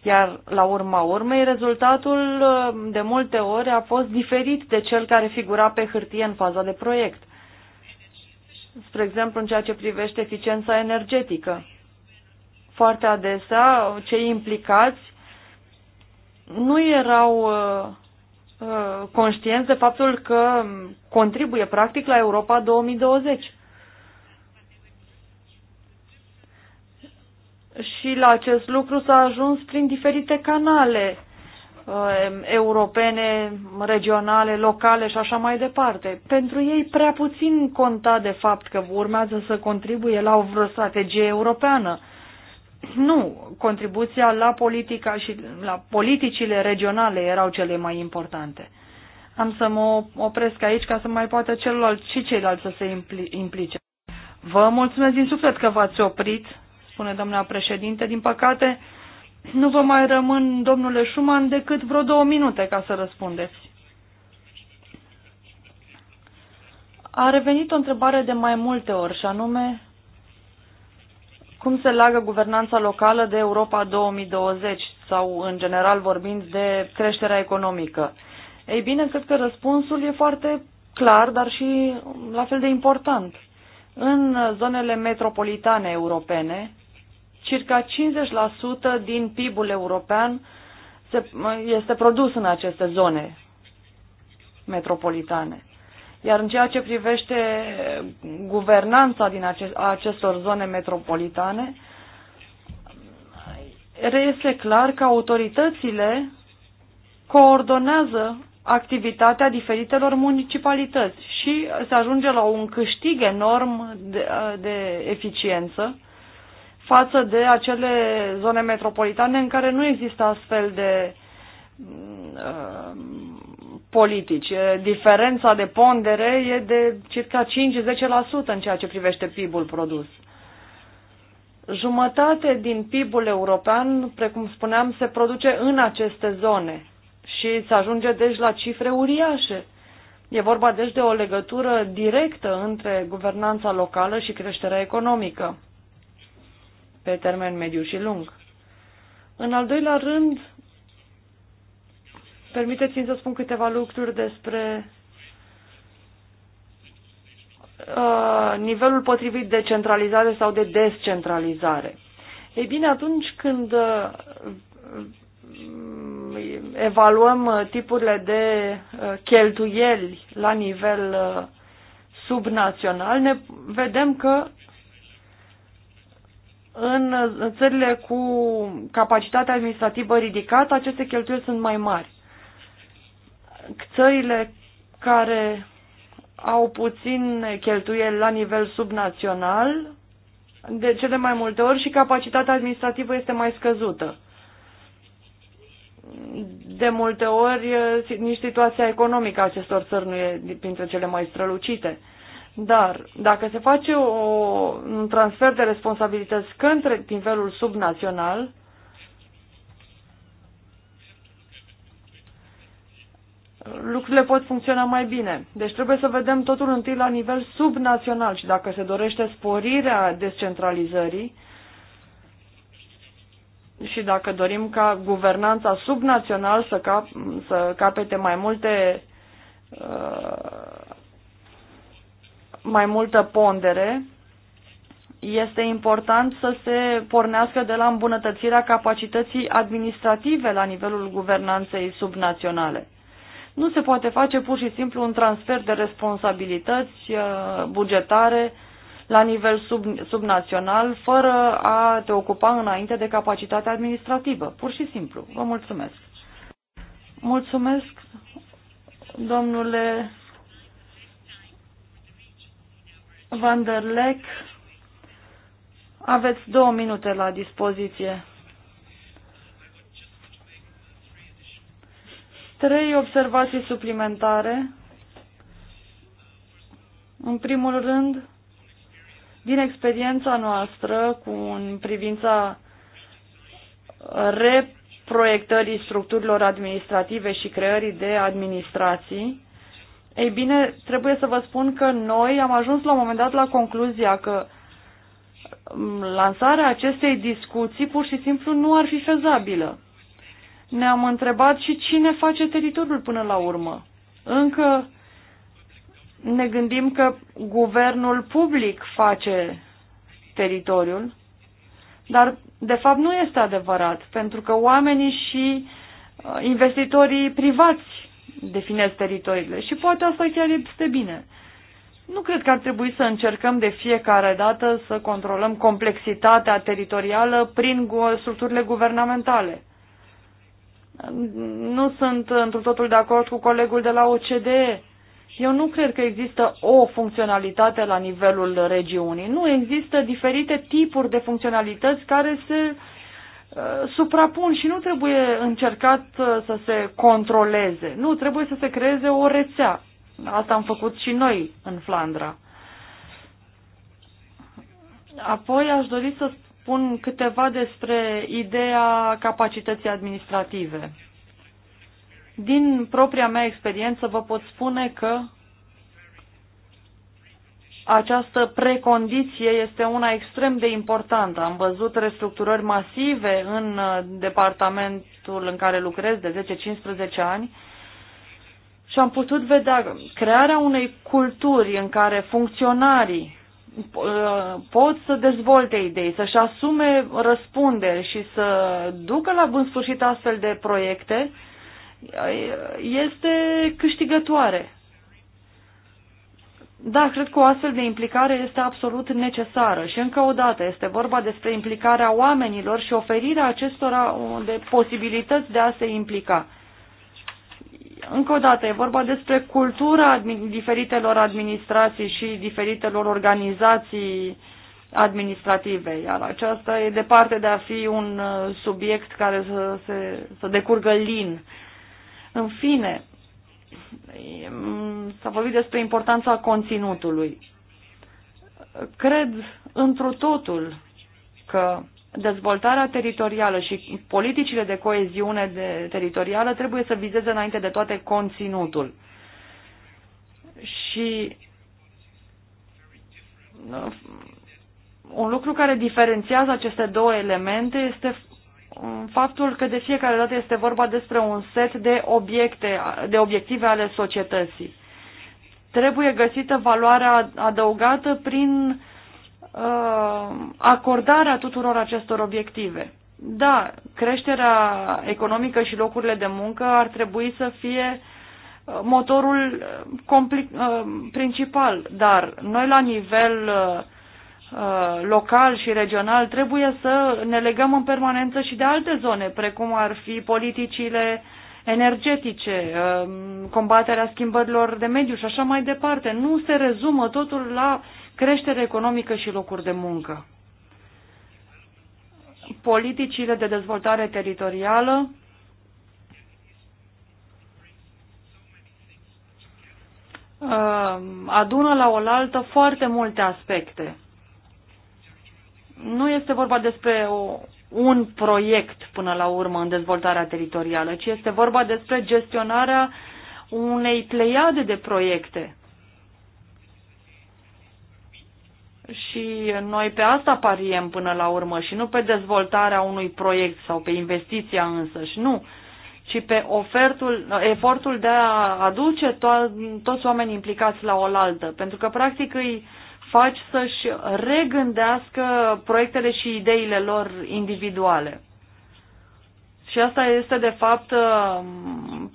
Iar la urma urmei, rezultatul uh, de multe ori a fost diferit de cel care figura pe hârtie în faza de proiect. Spre exemplu, în ceea ce privește eficiența energetică. Foarte adesea, cei implicați nu erau uh, uh, conștienți de faptul că contribuie practic la Europa 2020. și la acest lucru s-a ajuns prin diferite canale uh, europene, regionale, locale și așa mai departe. Pentru ei prea puțin conta de fapt că urmează să contribuie la o vreo strategie europeană. Nu, contribuția la politica și la politicile regionale erau cele mai importante. Am să mă opresc aici ca să mai poată celălalt și ceilalți să se implice. Vă mulțumesc din suflet că v-ați oprit spune doamna președinte. Din păcate, nu vă mai rămân, domnule Schumann, decât vreo două minute ca să răspundeți. A revenit o întrebare de mai multe ori, și anume cum se leagă guvernanța locală de Europa 2020 sau, în general vorbind, de creșterea economică. Ei bine, cred că răspunsul e foarte clar, dar și la fel de important. În zonele metropolitane europene, Circa 50% din PIB-ul european se, este produs în aceste zone metropolitane. Iar în ceea ce privește guvernanța din acest, a acestor zone metropolitane, reiese clar că autoritățile coordonează activitatea diferitelor municipalități și se ajunge la un câștig enorm de, de eficiență față de acele zone metropolitane în care nu există astfel de uh, politici. Diferența de pondere e de circa 5-10% în ceea ce privește PIB-ul produs. Jumătate din PIB-ul european, precum spuneam, se produce în aceste zone și se ajunge deci la cifre uriașe. E vorba deci de o legătură directă între guvernanța locală și creșterea economică pe termen mediu și lung. În al doilea rând, permiteți-mi să spun câteva lucruri despre uh, nivelul potrivit de centralizare sau de descentralizare. Ei bine, atunci când uh, evaluăm tipurile de uh, cheltuieli la nivel uh, subnațional, ne vedem că în țările cu capacitate administrativă ridicată, aceste cheltuieli sunt mai mari. Țările care au puțin cheltuieli la nivel subnațional, de cele mai multe ori și capacitatea administrativă este mai scăzută. De multe ori nici situația economică a acestor țări nu e printre cele mai strălucite. Dar dacă se face o, un transfer de responsabilități către nivelul subnațional, lucrurile pot funcționa mai bine. Deci trebuie să vedem totul întâi la nivel subnațional și dacă se dorește sporirea descentralizării și dacă dorim ca guvernanța subnațional să, cap, să capete mai multe uh, mai multă pondere, este important să se pornească de la îmbunătățirea capacității administrative la nivelul guvernanței subnaționale. Nu se poate face pur și simplu un transfer de responsabilități uh, bugetare la nivel sub, subnațional fără a te ocupa înainte de capacitatea administrativă. Pur și simplu. Vă mulțumesc. Mulțumesc, domnule Van der Leck, aveți două minute la dispoziție. Trei observații suplimentare. În primul rând, din experiența noastră cu în privința reproiectării structurilor administrative și creării de administrații, ei bine, trebuie să vă spun că noi am ajuns la un moment dat la concluzia că lansarea acestei discuții pur și simplu nu ar fi fezabilă. Ne-am întrebat și cine face teritoriul până la urmă. Încă ne gândim că guvernul public face teritoriul, dar de fapt nu este adevărat, pentru că oamenii și uh, investitorii privați definez teritoriile și poate asta chiar este bine. Nu cred că ar trebui să încercăm de fiecare dată să controlăm complexitatea teritorială prin structurile guvernamentale. Nu sunt într totul de acord cu colegul de la OCDE. Eu nu cred că există o funcționalitate la nivelul regiunii. Nu există diferite tipuri de funcționalități care se Uh, suprapun și nu trebuie încercat uh, să se controleze. Nu, trebuie să se creeze o rețea. Asta am făcut și noi în Flandra. Apoi aș dori să spun câteva despre ideea capacității administrative. Din propria mea experiență vă pot spune că această precondiție este una extrem de importantă. Am văzut restructurări masive în uh, departamentul în care lucrez de 10-15 ani și am putut vedea crearea unei culturi în care funcționarii uh, pot să dezvolte idei, să-și asume răspunderi și să ducă la bun sfârșit astfel de proiecte, uh, este câștigătoare. Da, cred că o astfel de implicare este absolut necesară și încă o dată este vorba despre implicarea oamenilor și oferirea acestora de posibilități de a se implica. Încă o dată, e vorba despre cultura diferitelor administrații și diferitelor organizații administrative, iar aceasta e departe de a fi un uh, subiect care să, se, să decurgă lin. În fine, S-a vorbit despre importanța conținutului. Cred întru totul că dezvoltarea teritorială și politicile de coeziune de teritorială trebuie să vizeze înainte de toate conținutul. Și uh, un lucru care diferențiază aceste două elemente este Mm, faptul că de fiecare dată este vorba despre un set de obiecte, de obiective ale societății. Trebuie găsită valoarea adăugată prin uh, acordarea tuturor acestor obiective. Da, creșterea economică și locurile de muncă ar trebui să fie uh, motorul uh, uh, principal, dar noi la nivel uh, Uh, local și regional, trebuie să ne legăm în permanență și de alte zone, precum ar fi politicile energetice, um, combaterea schimbărilor de mediu și așa mai departe. Nu se rezumă totul la creștere economică și locuri de muncă. Politicile de dezvoltare teritorială uh, adună la oaltă foarte multe aspecte nu este vorba despre o, un proiect până la urmă în dezvoltarea teritorială, ci este vorba despre gestionarea unei pleiade de proiecte. Și noi pe asta pariem până la urmă și nu pe dezvoltarea unui proiect sau pe investiția însăși, nu, ci pe ofertul, efortul de a aduce to- toți oamenii implicați la oaltă, pentru că practic îi faci să-și regândească proiectele și ideile lor individuale. Și asta este, de fapt, uh,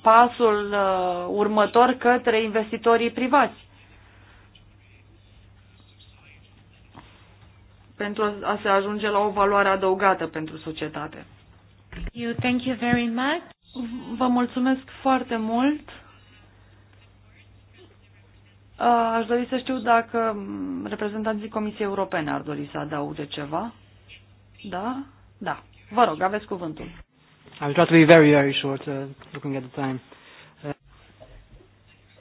pasul uh, următor către investitorii privați. pentru a se ajunge la o valoare adăugată pentru societate. You, thank you very much. Vă mulțumesc foarte mult. Aș dori să știu dacă reprezentanții Comisiei Europene ar dori să adauge ceva. Da? Da. Vă rog, aveți cuvântul. I'll try to be very, very short, uh, looking at the time. Uh,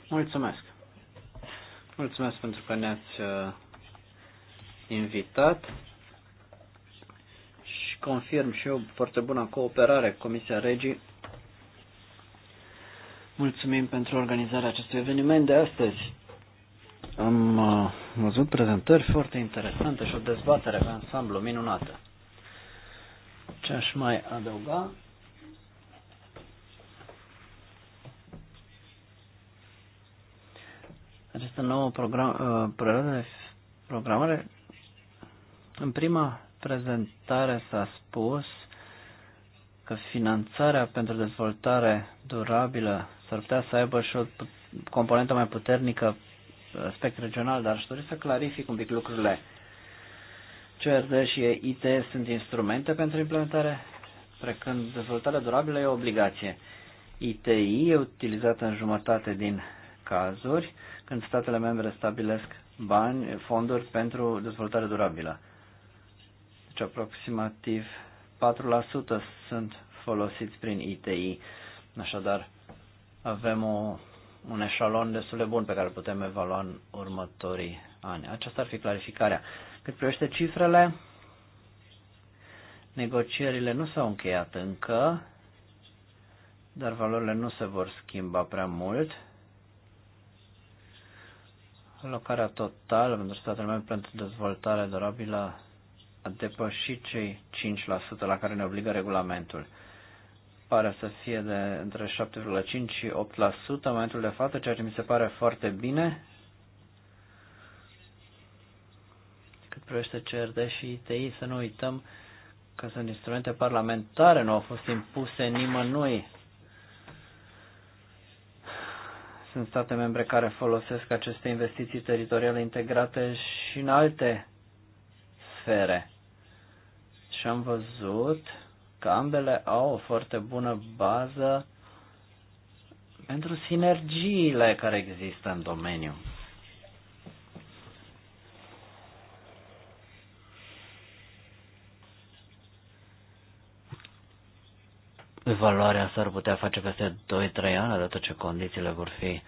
mulțumesc. Mulțumesc pentru că ne-ați uh, invitat și confirm și eu foarte bună cooperare cu Comisia Regii. Mulțumim pentru organizarea acestui eveniment de astăzi. Am uh, văzut prezentări foarte interesante și o dezbatere pe ansamblu minunată. Ce aș mai adăuga? Această nouă program, uh, programare, în prima prezentare s-a spus că finanțarea pentru dezvoltare durabilă s-ar putea să aibă și o componentă mai puternică aspect regional, dar aș dori să clarific un pic lucrurile. CRD și IT sunt instrumente pentru implementare, precând dezvoltarea durabilă e o obligație. ITI e utilizată în jumătate din cazuri când statele membre stabilesc bani, fonduri pentru dezvoltare durabilă. Deci aproximativ 4% sunt folosiți prin ITI. Așadar, avem o un eșalon destul de bun pe care îl putem evalua în următorii ani. Aceasta ar fi clarificarea. Cât privește cifrele, negocierile nu s-au încheiat încă, dar valorile nu se vor schimba prea mult. Alocarea totală pentru statele membre pentru dezvoltare durabilă a depășit cei 5% la care ne obligă regulamentul pare să fie de între 7,5 și 8% în momentul de față, ceea ce mi se pare foarte bine. Cât privește CRD și ITI, să nu uităm că sunt instrumente parlamentare, nu au fost impuse nimănui. Sunt state membre care folosesc aceste investiții teritoriale integrate și în alte sfere. Și am văzut că ambele au o foarte bună bază pentru sinergiile care există în domeniu. Evaluarea s-ar putea face peste 2-3 ani, odată ce condițiile vor fi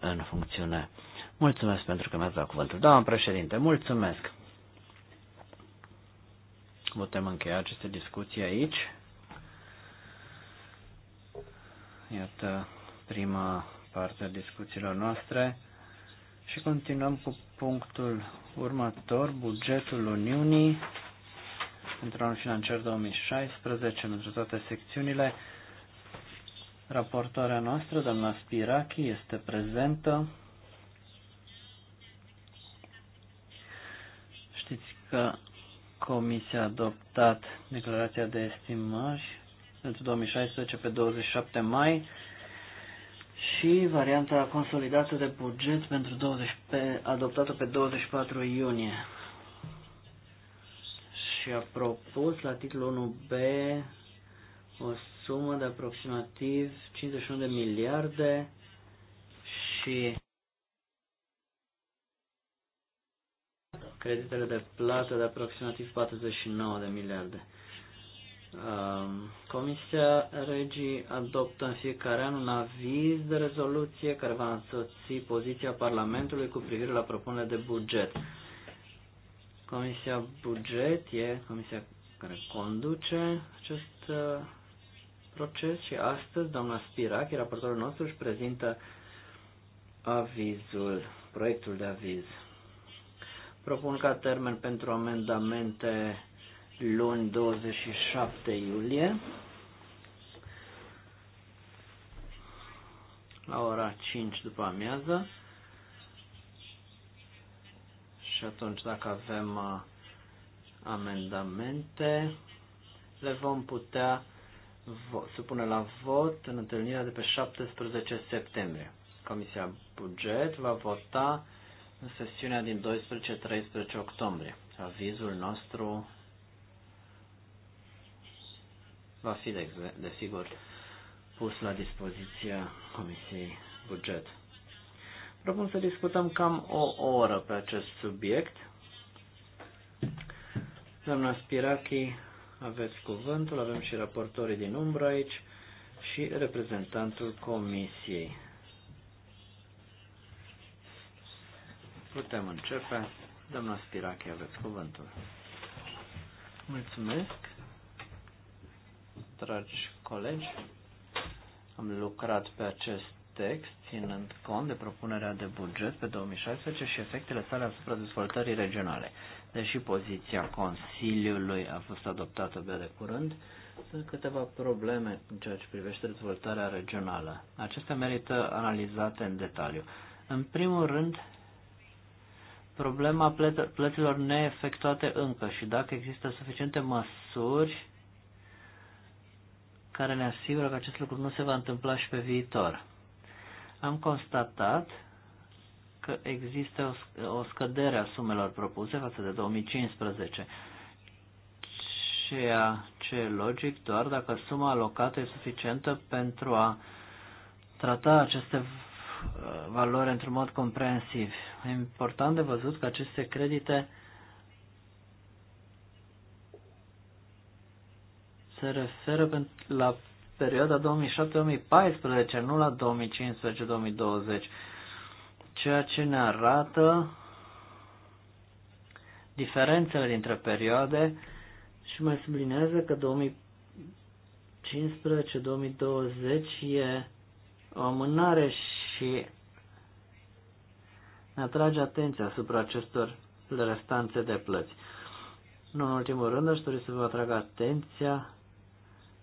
în funcțiune. Mulțumesc pentru că mi-ați dat cuvântul. Doamna președinte, mulțumesc! putem încheia aceste discuții aici. Iată prima parte a discuțiilor noastre și continuăm cu punctul următor, bugetul Uniunii pentru anul financiar 2016, pentru toate secțiunile. Raportoarea noastră, doamna Spirachi, este prezentă. Știți că Comisia a adoptat declarația de estimări pentru 2016 pe 27 mai și varianta consolidată de buget pentru 20 pe, adoptată pe 24 iunie. Și a propus la titlul 1B o sumă de aproximativ 51 de miliarde și creditele de plată de aproximativ 49 de miliarde. Um, comisia Regii adoptă în fiecare an un aviz de rezoluție care va însoți poziția Parlamentului cu privire la propunerea de buget. Comisia Buget e comisia care conduce acest uh, proces și astăzi doamna Spirac, raportorul nostru, își prezintă avizul, proiectul de aviz. Propun ca termen pentru amendamente luni 27 iulie la ora 5 după amiază și atunci dacă avem uh, amendamente le vom putea supune la vot în întâlnirea de pe 17 septembrie. Comisia Buget va vota în sesiunea din 12-13 octombrie. Avizul nostru va fi, desigur, de pus la dispoziția Comisiei Buget. Propun să discutăm cam o oră pe acest subiect. Doamna Spirachi, aveți cuvântul, avem și raportorii din umbră aici și reprezentantul Comisiei. Putem începe. Doamna Spirache, aveți cuvântul. Mulțumesc, dragi colegi. Am lucrat pe acest text, ținând cont de propunerea de buget pe 2016 și efectele sale asupra dezvoltării regionale. Deși poziția Consiliului a fost adoptată abia de curând, sunt câteva probleme în ceea ce privește dezvoltarea regională. Acestea merită analizate în detaliu. În primul rând, problema plăților neefectuate încă și dacă există suficiente măsuri care ne asigură că acest lucru nu se va întâmpla și pe viitor. Am constatat că există o scădere a sumelor propuse față de 2015, ceea ce e logic doar dacă suma alocată e suficientă pentru a trata aceste Uh, valoare într-un mod comprensiv. E important de văzut că aceste credite se referă la perioada 2007-2014, nu la 2015-2020, ceea ce ne arată diferențele dintre perioade și mai sublinează că 2015-2020 e o amânare și ne atrage atenția asupra acestor restanțe de plăți. Nu în ultimul rând, aș dori să vă atrag atenția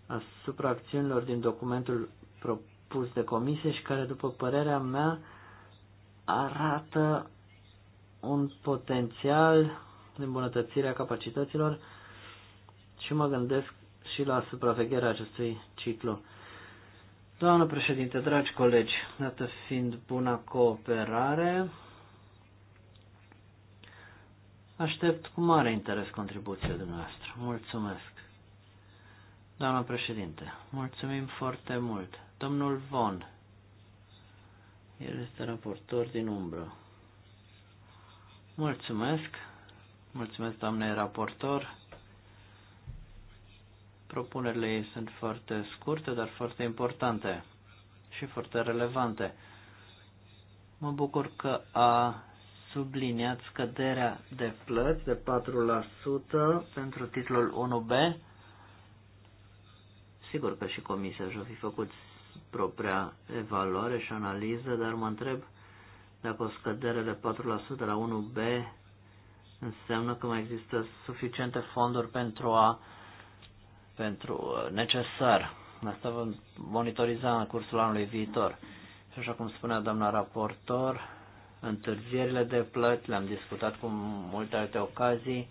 asupra acțiunilor din documentul propus de comisie și care, după părerea mea, arată un potențial de îmbunătățire a capacităților și mă gândesc și la supravegherea acestui ciclu. Doamnă președinte, dragi colegi, dată fiind buna cooperare, aștept cu mare interes contribuția dumneavoastră. Mulțumesc. Doamnă președinte, mulțumim foarte mult. Domnul Von, el este raportor din umbră. Mulțumesc. Mulțumesc, doamne raportor. Propunerile ei sunt foarte scurte, dar foarte importante și foarte relevante. Mă bucur că a subliniat scăderea de plăți de 4% pentru titlul 1B. Sigur că și comisia și-a fi făcut propria evaluare și analiză, dar mă întreb dacă o scădere de 4% la 1B înseamnă că mai există suficiente fonduri pentru a pentru uh, necesar. Asta vom monitoriza în cursul anului viitor. Și așa cum spunea doamna raportor, întârzierile de plăți le-am discutat cu multe alte ocazii.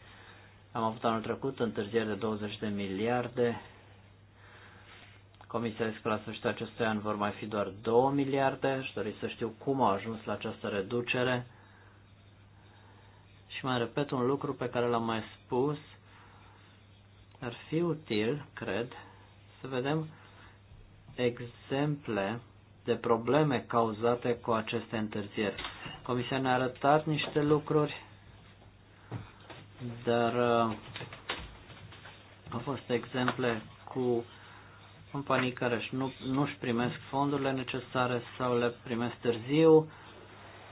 Am avut anul trecut întârzieri de 20 de miliarde. Comisia zice că la sfârșitul acestui an vor mai fi doar 2 miliarde și dori să știu cum au ajuns la această reducere. Și mai repet un lucru pe care l-am mai spus – ar fi util, cred, să vedem exemple de probleme cauzate cu aceste întârzieri. Comisia ne-a arătat niște lucruri, dar uh, au fost exemple cu companii care își nu, își primesc fondurile necesare sau le primesc târziu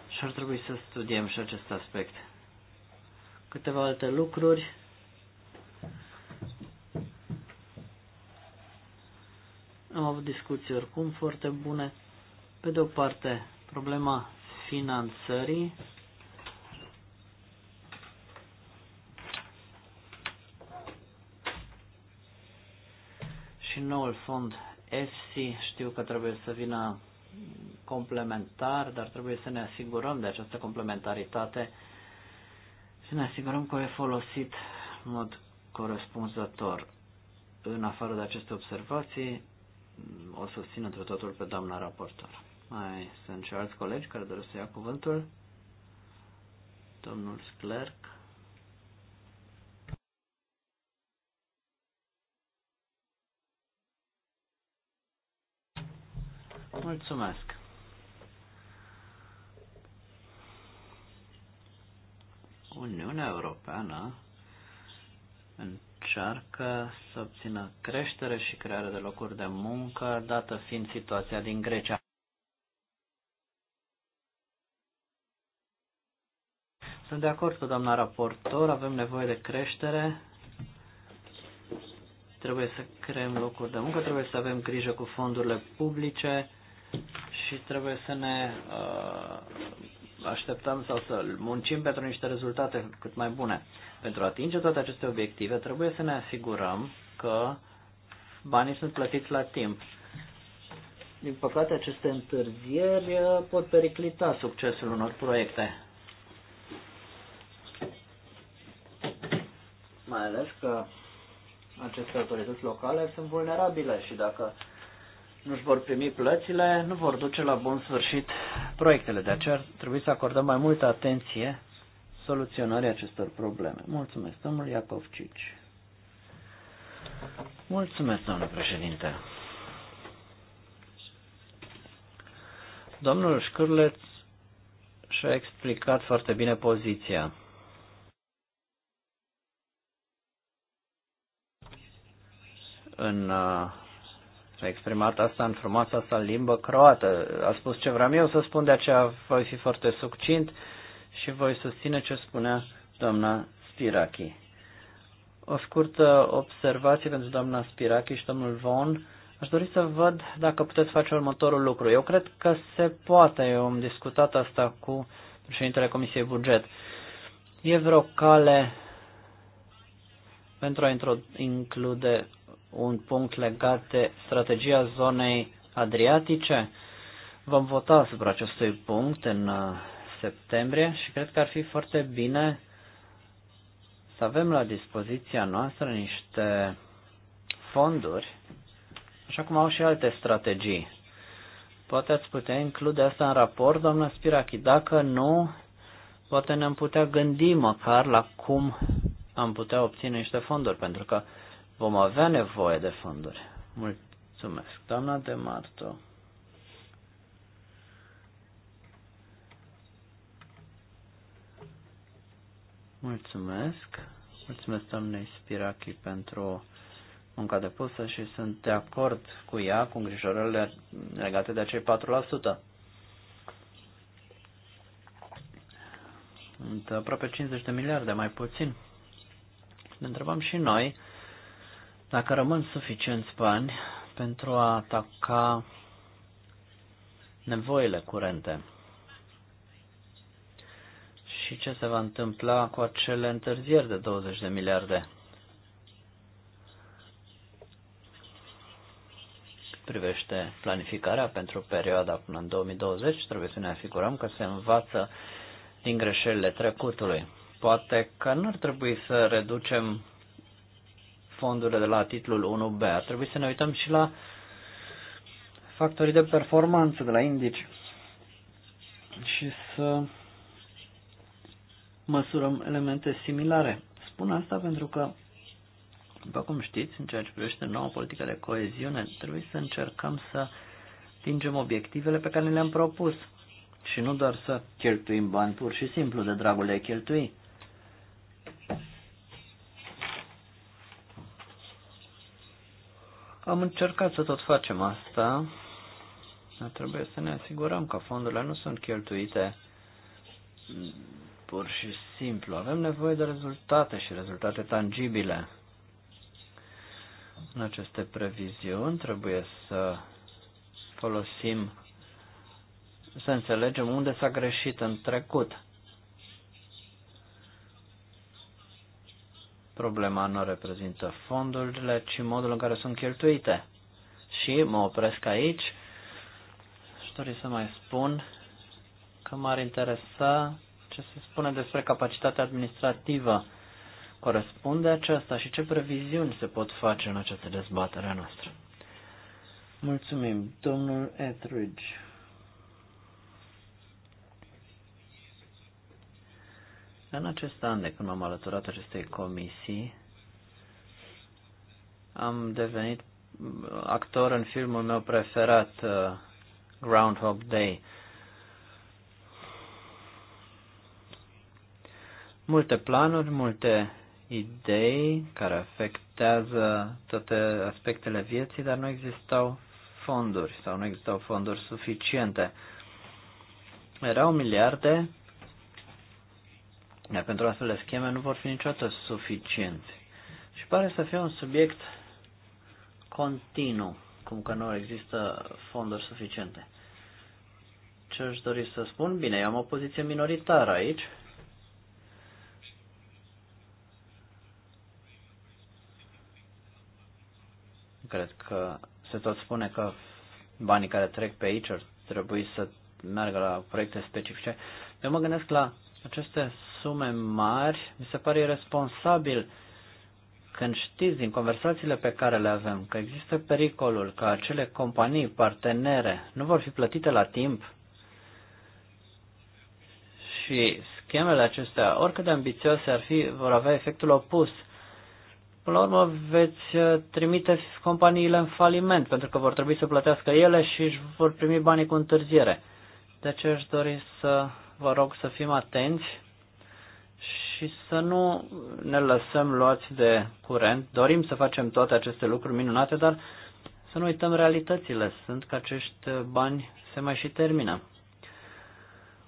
și ar trebui să studiem și acest aspect. Câteva alte lucruri Am avut discuții oricum foarte bune. Pe de o parte, problema finanțării. Și noul fond FC, știu că trebuie să vină complementar, dar trebuie să ne asigurăm de această complementaritate și ne asigurăm că e folosit în mod corespunzător. În afară de aceste observații, o susțin într totul pe doamna raportor. Mai sunt și alți colegi care doresc să ia cuvântul. Domnul Sclerc. Mulțumesc. Uniunea Europeană încearcă să obțină creștere și creare de locuri de muncă, dată fiind situația din Grecia. Sunt de acord cu doamna raportor, avem nevoie de creștere, trebuie să creăm locuri de muncă, trebuie să avem grijă cu fondurile publice, și trebuie să ne uh, așteptăm sau să muncim pentru niște rezultate cât mai bune. Pentru a atinge toate aceste obiective, trebuie să ne asigurăm că banii sunt plătiți la timp. Din păcate, aceste întârzieri uh, pot periclita succesul unor proiecte. Mai ales că aceste autorități locale sunt vulnerabile și dacă uh, nu-și vor primi plățile, nu vor duce la bun sfârșit proiectele. De aceea trebuie să acordăm mai multă atenție soluționării acestor probleme. Mulțumesc, domnul Cici. Mulțumesc, domnule președinte. Domnul Șcârleț și-a explicat foarte bine poziția. În uh, S-a exprimat asta în frumoasa sa limbă croată. A spus ce vreau eu să spun, de aceea voi fi foarte succint și voi susține ce spunea doamna Spirachi. O scurtă observație pentru doamna Spirachi și domnul Von. Aș dori să văd dacă puteți face următorul lucru. Eu cred că se poate. Eu am discutat asta cu președintele Comisiei Buget. E vreo cale pentru a include un punct legat de strategia zonei adriatice. Vom vota asupra acestui punct în uh, septembrie și cred că ar fi foarte bine să avem la dispoziția noastră niște fonduri, așa cum au și alte strategii. Poate ați putea include asta în raport, doamnă Spirachi. Dacă nu, poate ne-am putea gândi măcar la cum am putea obține niște fonduri, pentru că vom avea nevoie de fonduri. Mulțumesc, doamna de Marto. Mulțumesc. Mulțumesc doamnei Spirachi pentru munca depusă și sunt de acord cu ea, cu îngrijorările legate de acei 4%. Sunt aproape 50 de miliarde, mai puțin. Ne întrebăm și noi dacă rămân suficienți bani pentru a ataca nevoile curente și ce se va întâmpla cu acele întârzieri de 20 de miliarde. privește planificarea pentru perioada până în 2020, trebuie să ne asigurăm că se învață din greșelile trecutului. Poate că nu ar trebui să reducem fondurile de la titlul 1B. Ar trebui să ne uităm și la factorii de performanță de la indici și să măsurăm elemente similare. Spun asta pentru că, după cum știți, în ceea ce privește noua politică de coeziune, trebuie să încercăm să atingem obiectivele pe care le-am propus și nu doar să cheltuim bani pur și simplu de dragul de a cheltui. Am încercat să tot facem asta, dar trebuie să ne asigurăm că fondurile nu sunt cheltuite pur și simplu. Avem nevoie de rezultate și rezultate tangibile. În aceste previziuni trebuie să folosim, să înțelegem unde s-a greșit în trecut. Problema nu reprezintă fondurile, ci modul în care sunt cheltuite. Și mă opresc aici și dori să mai spun că m-ar interesa ce se spune despre capacitatea administrativă. Corespunde aceasta și ce previziuni se pot face în această dezbatere noastră? Mulțumim, domnul Etheridge. În acest an, de când m-am alăturat acestei comisii, am devenit actor în filmul meu preferat, uh, Groundhog Day. Multe planuri, multe idei care afectează toate aspectele vieții, dar nu existau fonduri sau nu existau fonduri suficiente. Erau miliarde iar pentru astfel de scheme nu vor fi niciodată suficienți. Și pare să fie un subiect continuu, cum că nu există fonduri suficiente. Ce aș dori să spun? Bine, eu am o poziție minoritară aici. Cred că se tot spune că banii care trec pe aici ar trebui să meargă la proiecte specifice. Eu mă gândesc la aceste sume mari, mi se pare irresponsabil când știți din conversațiile pe care le avem că există pericolul că acele companii partenere nu vor fi plătite la timp și schemele acestea, oricât de ambițioase ar fi, vor avea efectul opus. Până la urmă veți uh, trimite companiile în faliment, pentru că vor trebui să plătească ele și își vor primi banii cu întârziere. De aceea aș dori să vă rog să fim atenți și să nu ne lăsăm luați de curent. Dorim să facem toate aceste lucruri minunate, dar să nu uităm realitățile. Sunt că acești bani se mai și termină.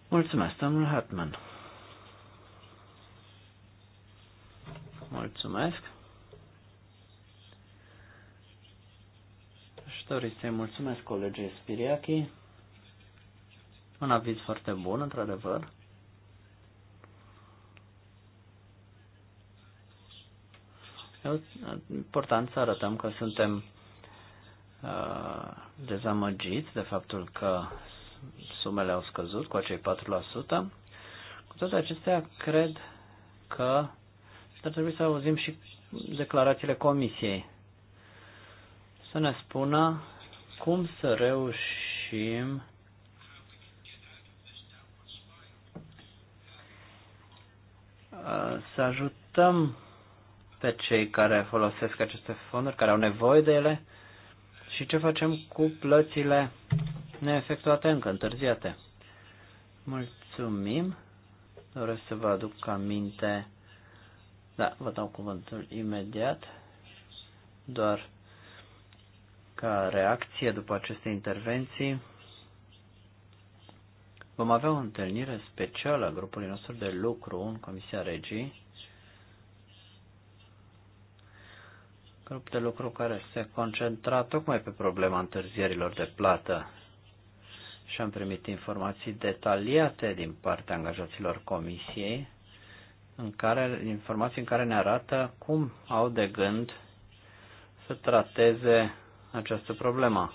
Mulțumesc, domnul Hartman. Mulțumesc. Aș dori să-i mulțumesc colegii Spiriachi. Un aviz foarte bun, într-adevăr. important să arătăm că suntem uh, dezamăgiți de faptul că sumele au scăzut cu acei 4%. Cu toate acestea, cred că ar trebui să auzim și declarațiile comisiei. Să ne spună cum să reușim să ajutăm pe cei care folosesc aceste fonduri, care au nevoie de ele și ce facem cu plățile neefectuate încă, întârziate. Mulțumim. Doresc să vă aduc aminte. Da, vă dau cuvântul imediat. Doar ca reacție după aceste intervenții, vom avea o întâlnire specială a grupului nostru de lucru în Comisia Regii grup de lucru care se concentra tocmai pe problema întârzierilor de plată și am primit informații detaliate din partea angajaților comisiei, în care, informații în care ne arată cum au de gând să trateze această problemă.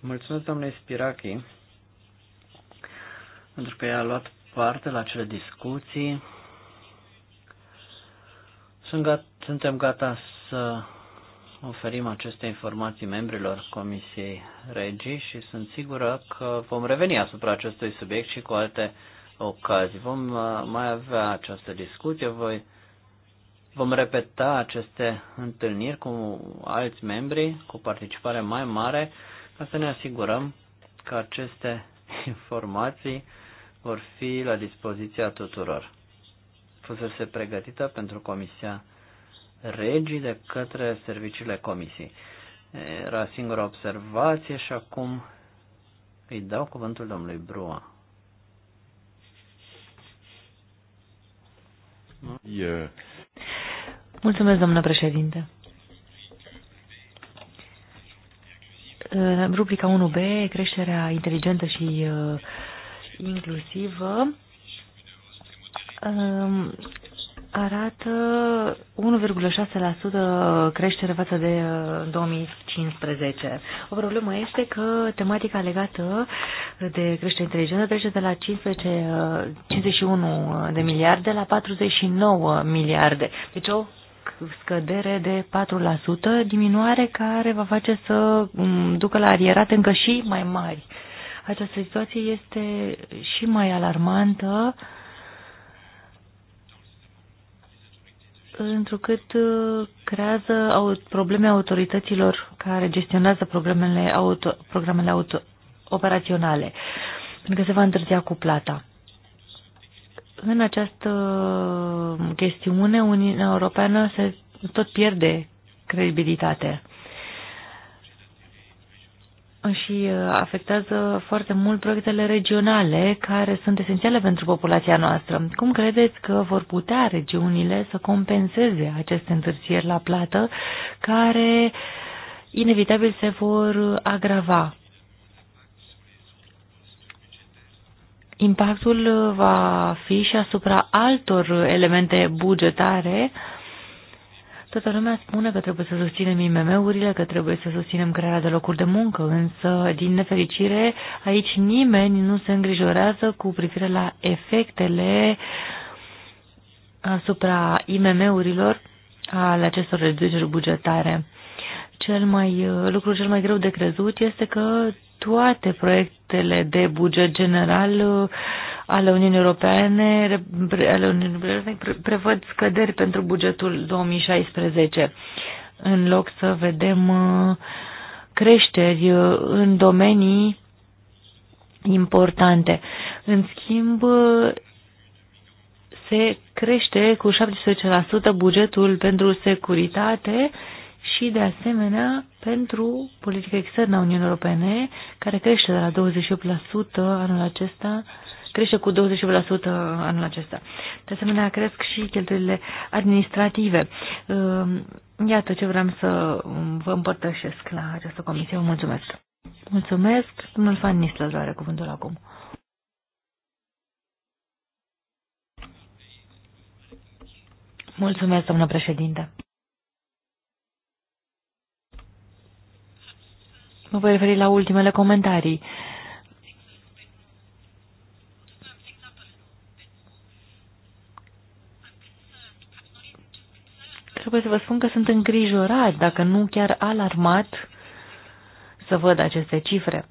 Mulțumesc, domnule Spirachi, pentru că ea a luat parte la cele discuții sunt gat, suntem gata să oferim aceste informații membrilor Comisiei Regii și sunt sigură că vom reveni asupra acestui subiect și cu alte ocazii. Vom uh, mai avea această discuție, voi, vom repeta aceste întâlniri cu alți membri, cu participare mai mare, ca să ne asigurăm că aceste *laughs* informații vor fi la dispoziția tuturor fusese pregătită pentru Comisia Regii de către serviciile Comisiei. Era singura observație și acum îi dau cuvântul domnului Brua. Mulțumesc, domnule președinte. Rubrica 1B, creșterea inteligentă și uh, inclusivă, Um, arată 1,6% creștere față de 2015. Uh, o problemă este că tematica legată de creștere inteligentă trece de la 15, 51 uh, de miliarde la 49 miliarde. Deci o scădere de 4%, diminuare care va face să um, ducă la arierate încă și mai mari. Această situație este și mai alarmantă uh, întrucât uh, creează probleme autorităților care gestionează programele, auto, programele auto, operaționale, pentru că se va întârzia cu plata. În această chestiune, Uniunea Europeană se tot pierde credibilitate și uh, afectează foarte mult proiectele regionale care sunt esențiale pentru populația noastră. Cum credeți că vor putea regiunile să compenseze aceste întârzieri la plată care inevitabil se vor agrava? Impactul va fi și asupra altor elemente bugetare uh, Toată lumea spune că trebuie să susținem IMM-urile, că trebuie să susținem crearea de locuri de muncă, însă, din nefericire, aici nimeni nu se îngrijorează cu privire la efectele asupra IMM-urilor ale acestor reduceri bugetare. Cel mai, lucru cel mai greu de crezut este că toate proiectele de buget general uh, ale Uniunii Europene, ale Uniunii Europene prevăd scăderi pentru bugetul 2016, în loc să vedem uh, creșteri uh, în domenii importante. În schimb, uh, se crește cu 17% bugetul pentru securitate și, de asemenea, pentru politica externă a Uniunii Europene, care crește de la 28% anul acesta crește cu 20% anul acesta. De asemenea, cresc și cheltuielile administrative. Ehm, iată ce vreau să vă împărtășesc la această comisie. Vă mulțumesc! Mulțumesc! Domnul Fan Nislas are cuvântul acum. Mulțumesc, domnul președinte! Mă voi referi la ultimele comentarii. Uh, trebuie să vă spun că sunt îngrijorat, dacă nu chiar alarmat, să văd aceste cifre.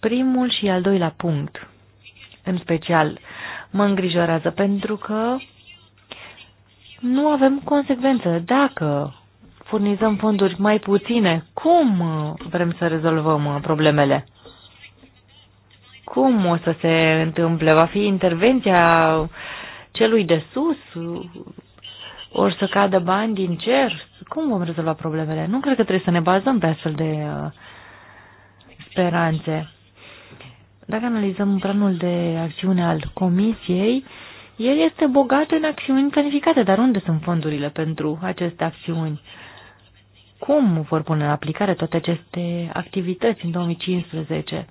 Primul și al doilea punct, în special, mă îngrijorează pentru că nu avem consecvență. Dacă furnizăm fonduri mai puține, cum vrem să rezolvăm problemele? Cum o să se întâmple? Va fi intervenția celui de sus, ori să cadă bani din cer? Cum vom rezolva problemele? Nu cred că trebuie să ne bazăm pe astfel de uh, speranțe. Dacă analizăm planul de acțiune al Comisiei, el este bogat în acțiuni planificate, dar unde sunt fondurile pentru aceste acțiuni? Cum vor pune în aplicare toate aceste activități în 2015?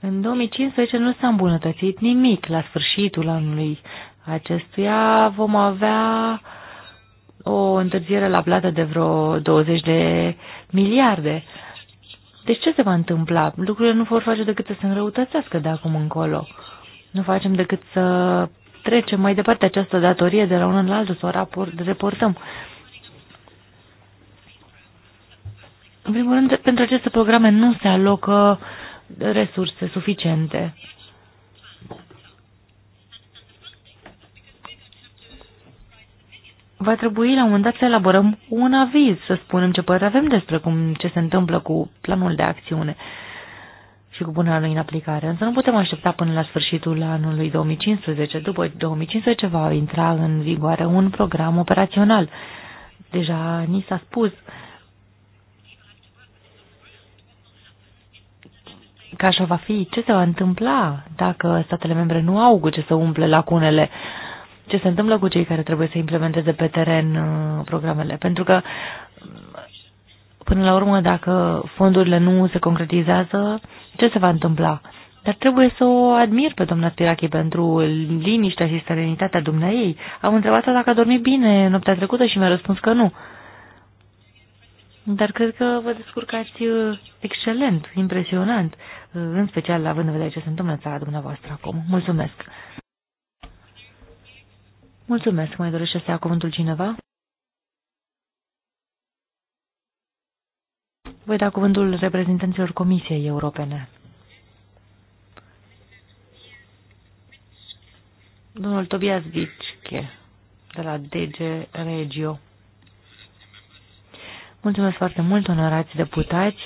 În 2015 nu s-a îmbunătățit nimic. La sfârșitul anului acestuia vom avea o întârziere la plată de vreo 20 de miliarde. Deci ce se va întâmpla? Lucrurile nu vor face decât să se înrăutățească de acum încolo. Nu facem decât să trecem mai departe această datorie de la unul la altul, să o raport, reportăm. În primul rând, pentru aceste programe nu se alocă uh, resurse suficiente. Va trebui la un moment dat să elaborăm un aviz, să spunem ce părere avem despre cum, ce se întâmplă cu planul de acțiune și cu punerea lui în aplicare. Însă nu putem aștepta până la sfârșitul anului 2015. După 2015 va intra în vigoare un program operațional. Deja ni s-a spus uh, Ca așa va fi, ce se va întâmpla dacă statele membre nu au cu ce să umple lacunele? Ce se întâmplă cu cei care trebuie să implementeze pe teren uh, programele? Pentru că, mm, până la urmă, dacă fondurile nu se concretizează, ce se va întâmpla? Dar trebuie să o admir pe doamna Spirachi pentru liniștea și serenitatea dumneai. Am întrebat-o dacă a dormit bine noaptea trecută și mi-a răspuns că nu. Dar cred că vă descurcați uh, excelent, impresionant, uh, în special având în vedere ce se întâmplă în țara dumneavoastră acum. Mulțumesc! Mulțumesc! Mai dorește să ia cuvântul cineva? Voi da cuvântul reprezentanților Comisiei Europene. Domnul Tobias Vicche, de la DG Regio. Mulțumesc foarte mult, onorați deputați.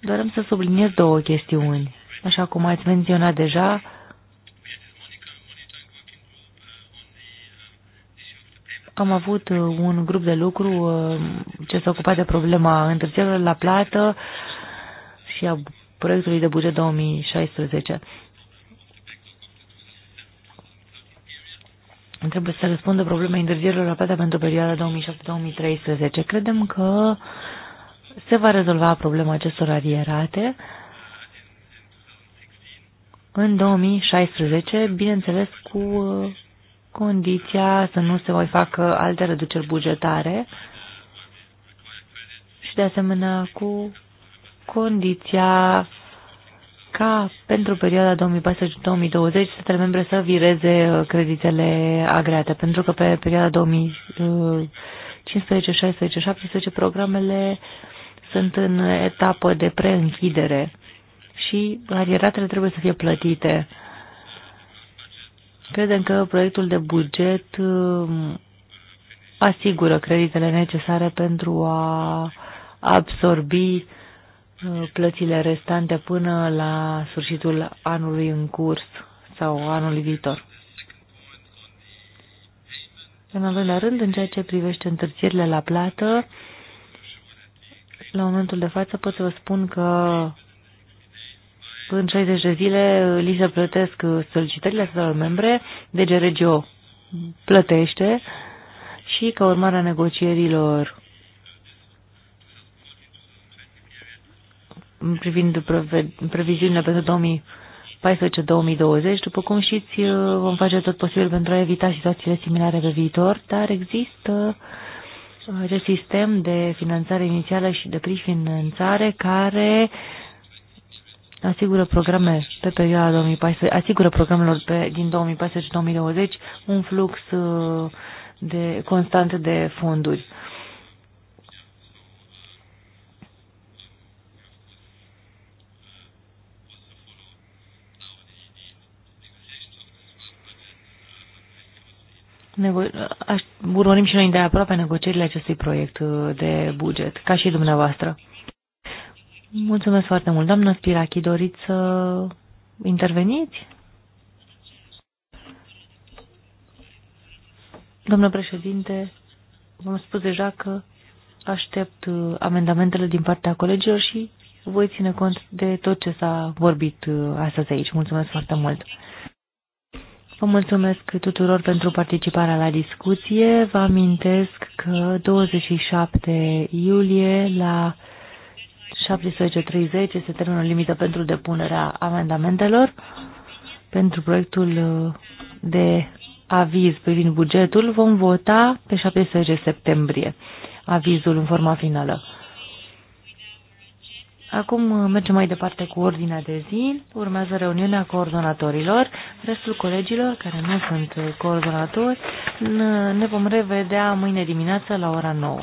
Dorem să subliniez două chestiuni. Așa cum ați menționat deja, am avut uh, un grup de lucru uh, ce s-a ocupat de problema întârzierilor la plată și a proiectului de buget 2016. trebuie să răspundă problemei întârzierilor rapide pentru perioada 2007-2013. Credem că se va rezolva problema acestor arierate în 2016, bineînțeles cu uh, condiția să nu se mai facă alte reduceri bugetare și de asemenea cu condiția ca pentru perioada 2014-2020 statele membre să vireze uh, creditele agreate, pentru că pe perioada 2015, 16, 17 programele sunt în etapă de preînchidere și arieratele trebuie să fie plătite. Credem că proiectul de buget uh, asigură creditele necesare pentru a absorbi uh, plățile restante până la sfârșitul anului în curs sau anului viitor. În al doilea rând, în ceea ce privește întârzierile la plată, la momentul de față pot să vă spun că în 60 de zile li se plătesc solicitările sau membre, de GRGO plătește și ca urmare a negocierilor privind previziunile pentru 2014-2020, după cum știți, uh, vom face tot posibil pentru a evita situațiile similare pe viitor, dar există acest sistem de finanțare inițială și de prefinanțare care asigură programe pe perioada 2014, asigură programelor pe, din 2014-2020 un flux uh, de constant de fonduri. urmărim și noi de aproape negocierile acestui proiect uh, de buget, ca și dumneavoastră. Mulțumesc foarte mult. Doamna Spirachi, doriți să interveniți? Domnul președinte, v-am spus deja că aștept uh, amendamentele din partea colegilor și voi ține cont de tot ce s-a vorbit uh, astăzi aici. Mulțumesc foarte mult! Vă mulțumesc tuturor pentru participarea la discuție. Vă amintesc că 27 iulie la 17.30 este termenul limită pentru depunerea amendamentelor pentru proiectul uh, de aviz privind bugetul. Vom vota pe 17 septembrie avizul în forma finală. Acum uh, mergem mai departe cu ordinea de zi. Urmează reuniunea coordonatorilor. Restul colegilor care nu sunt uh, coordonatori ne vom revedea mâine dimineață la ora 9.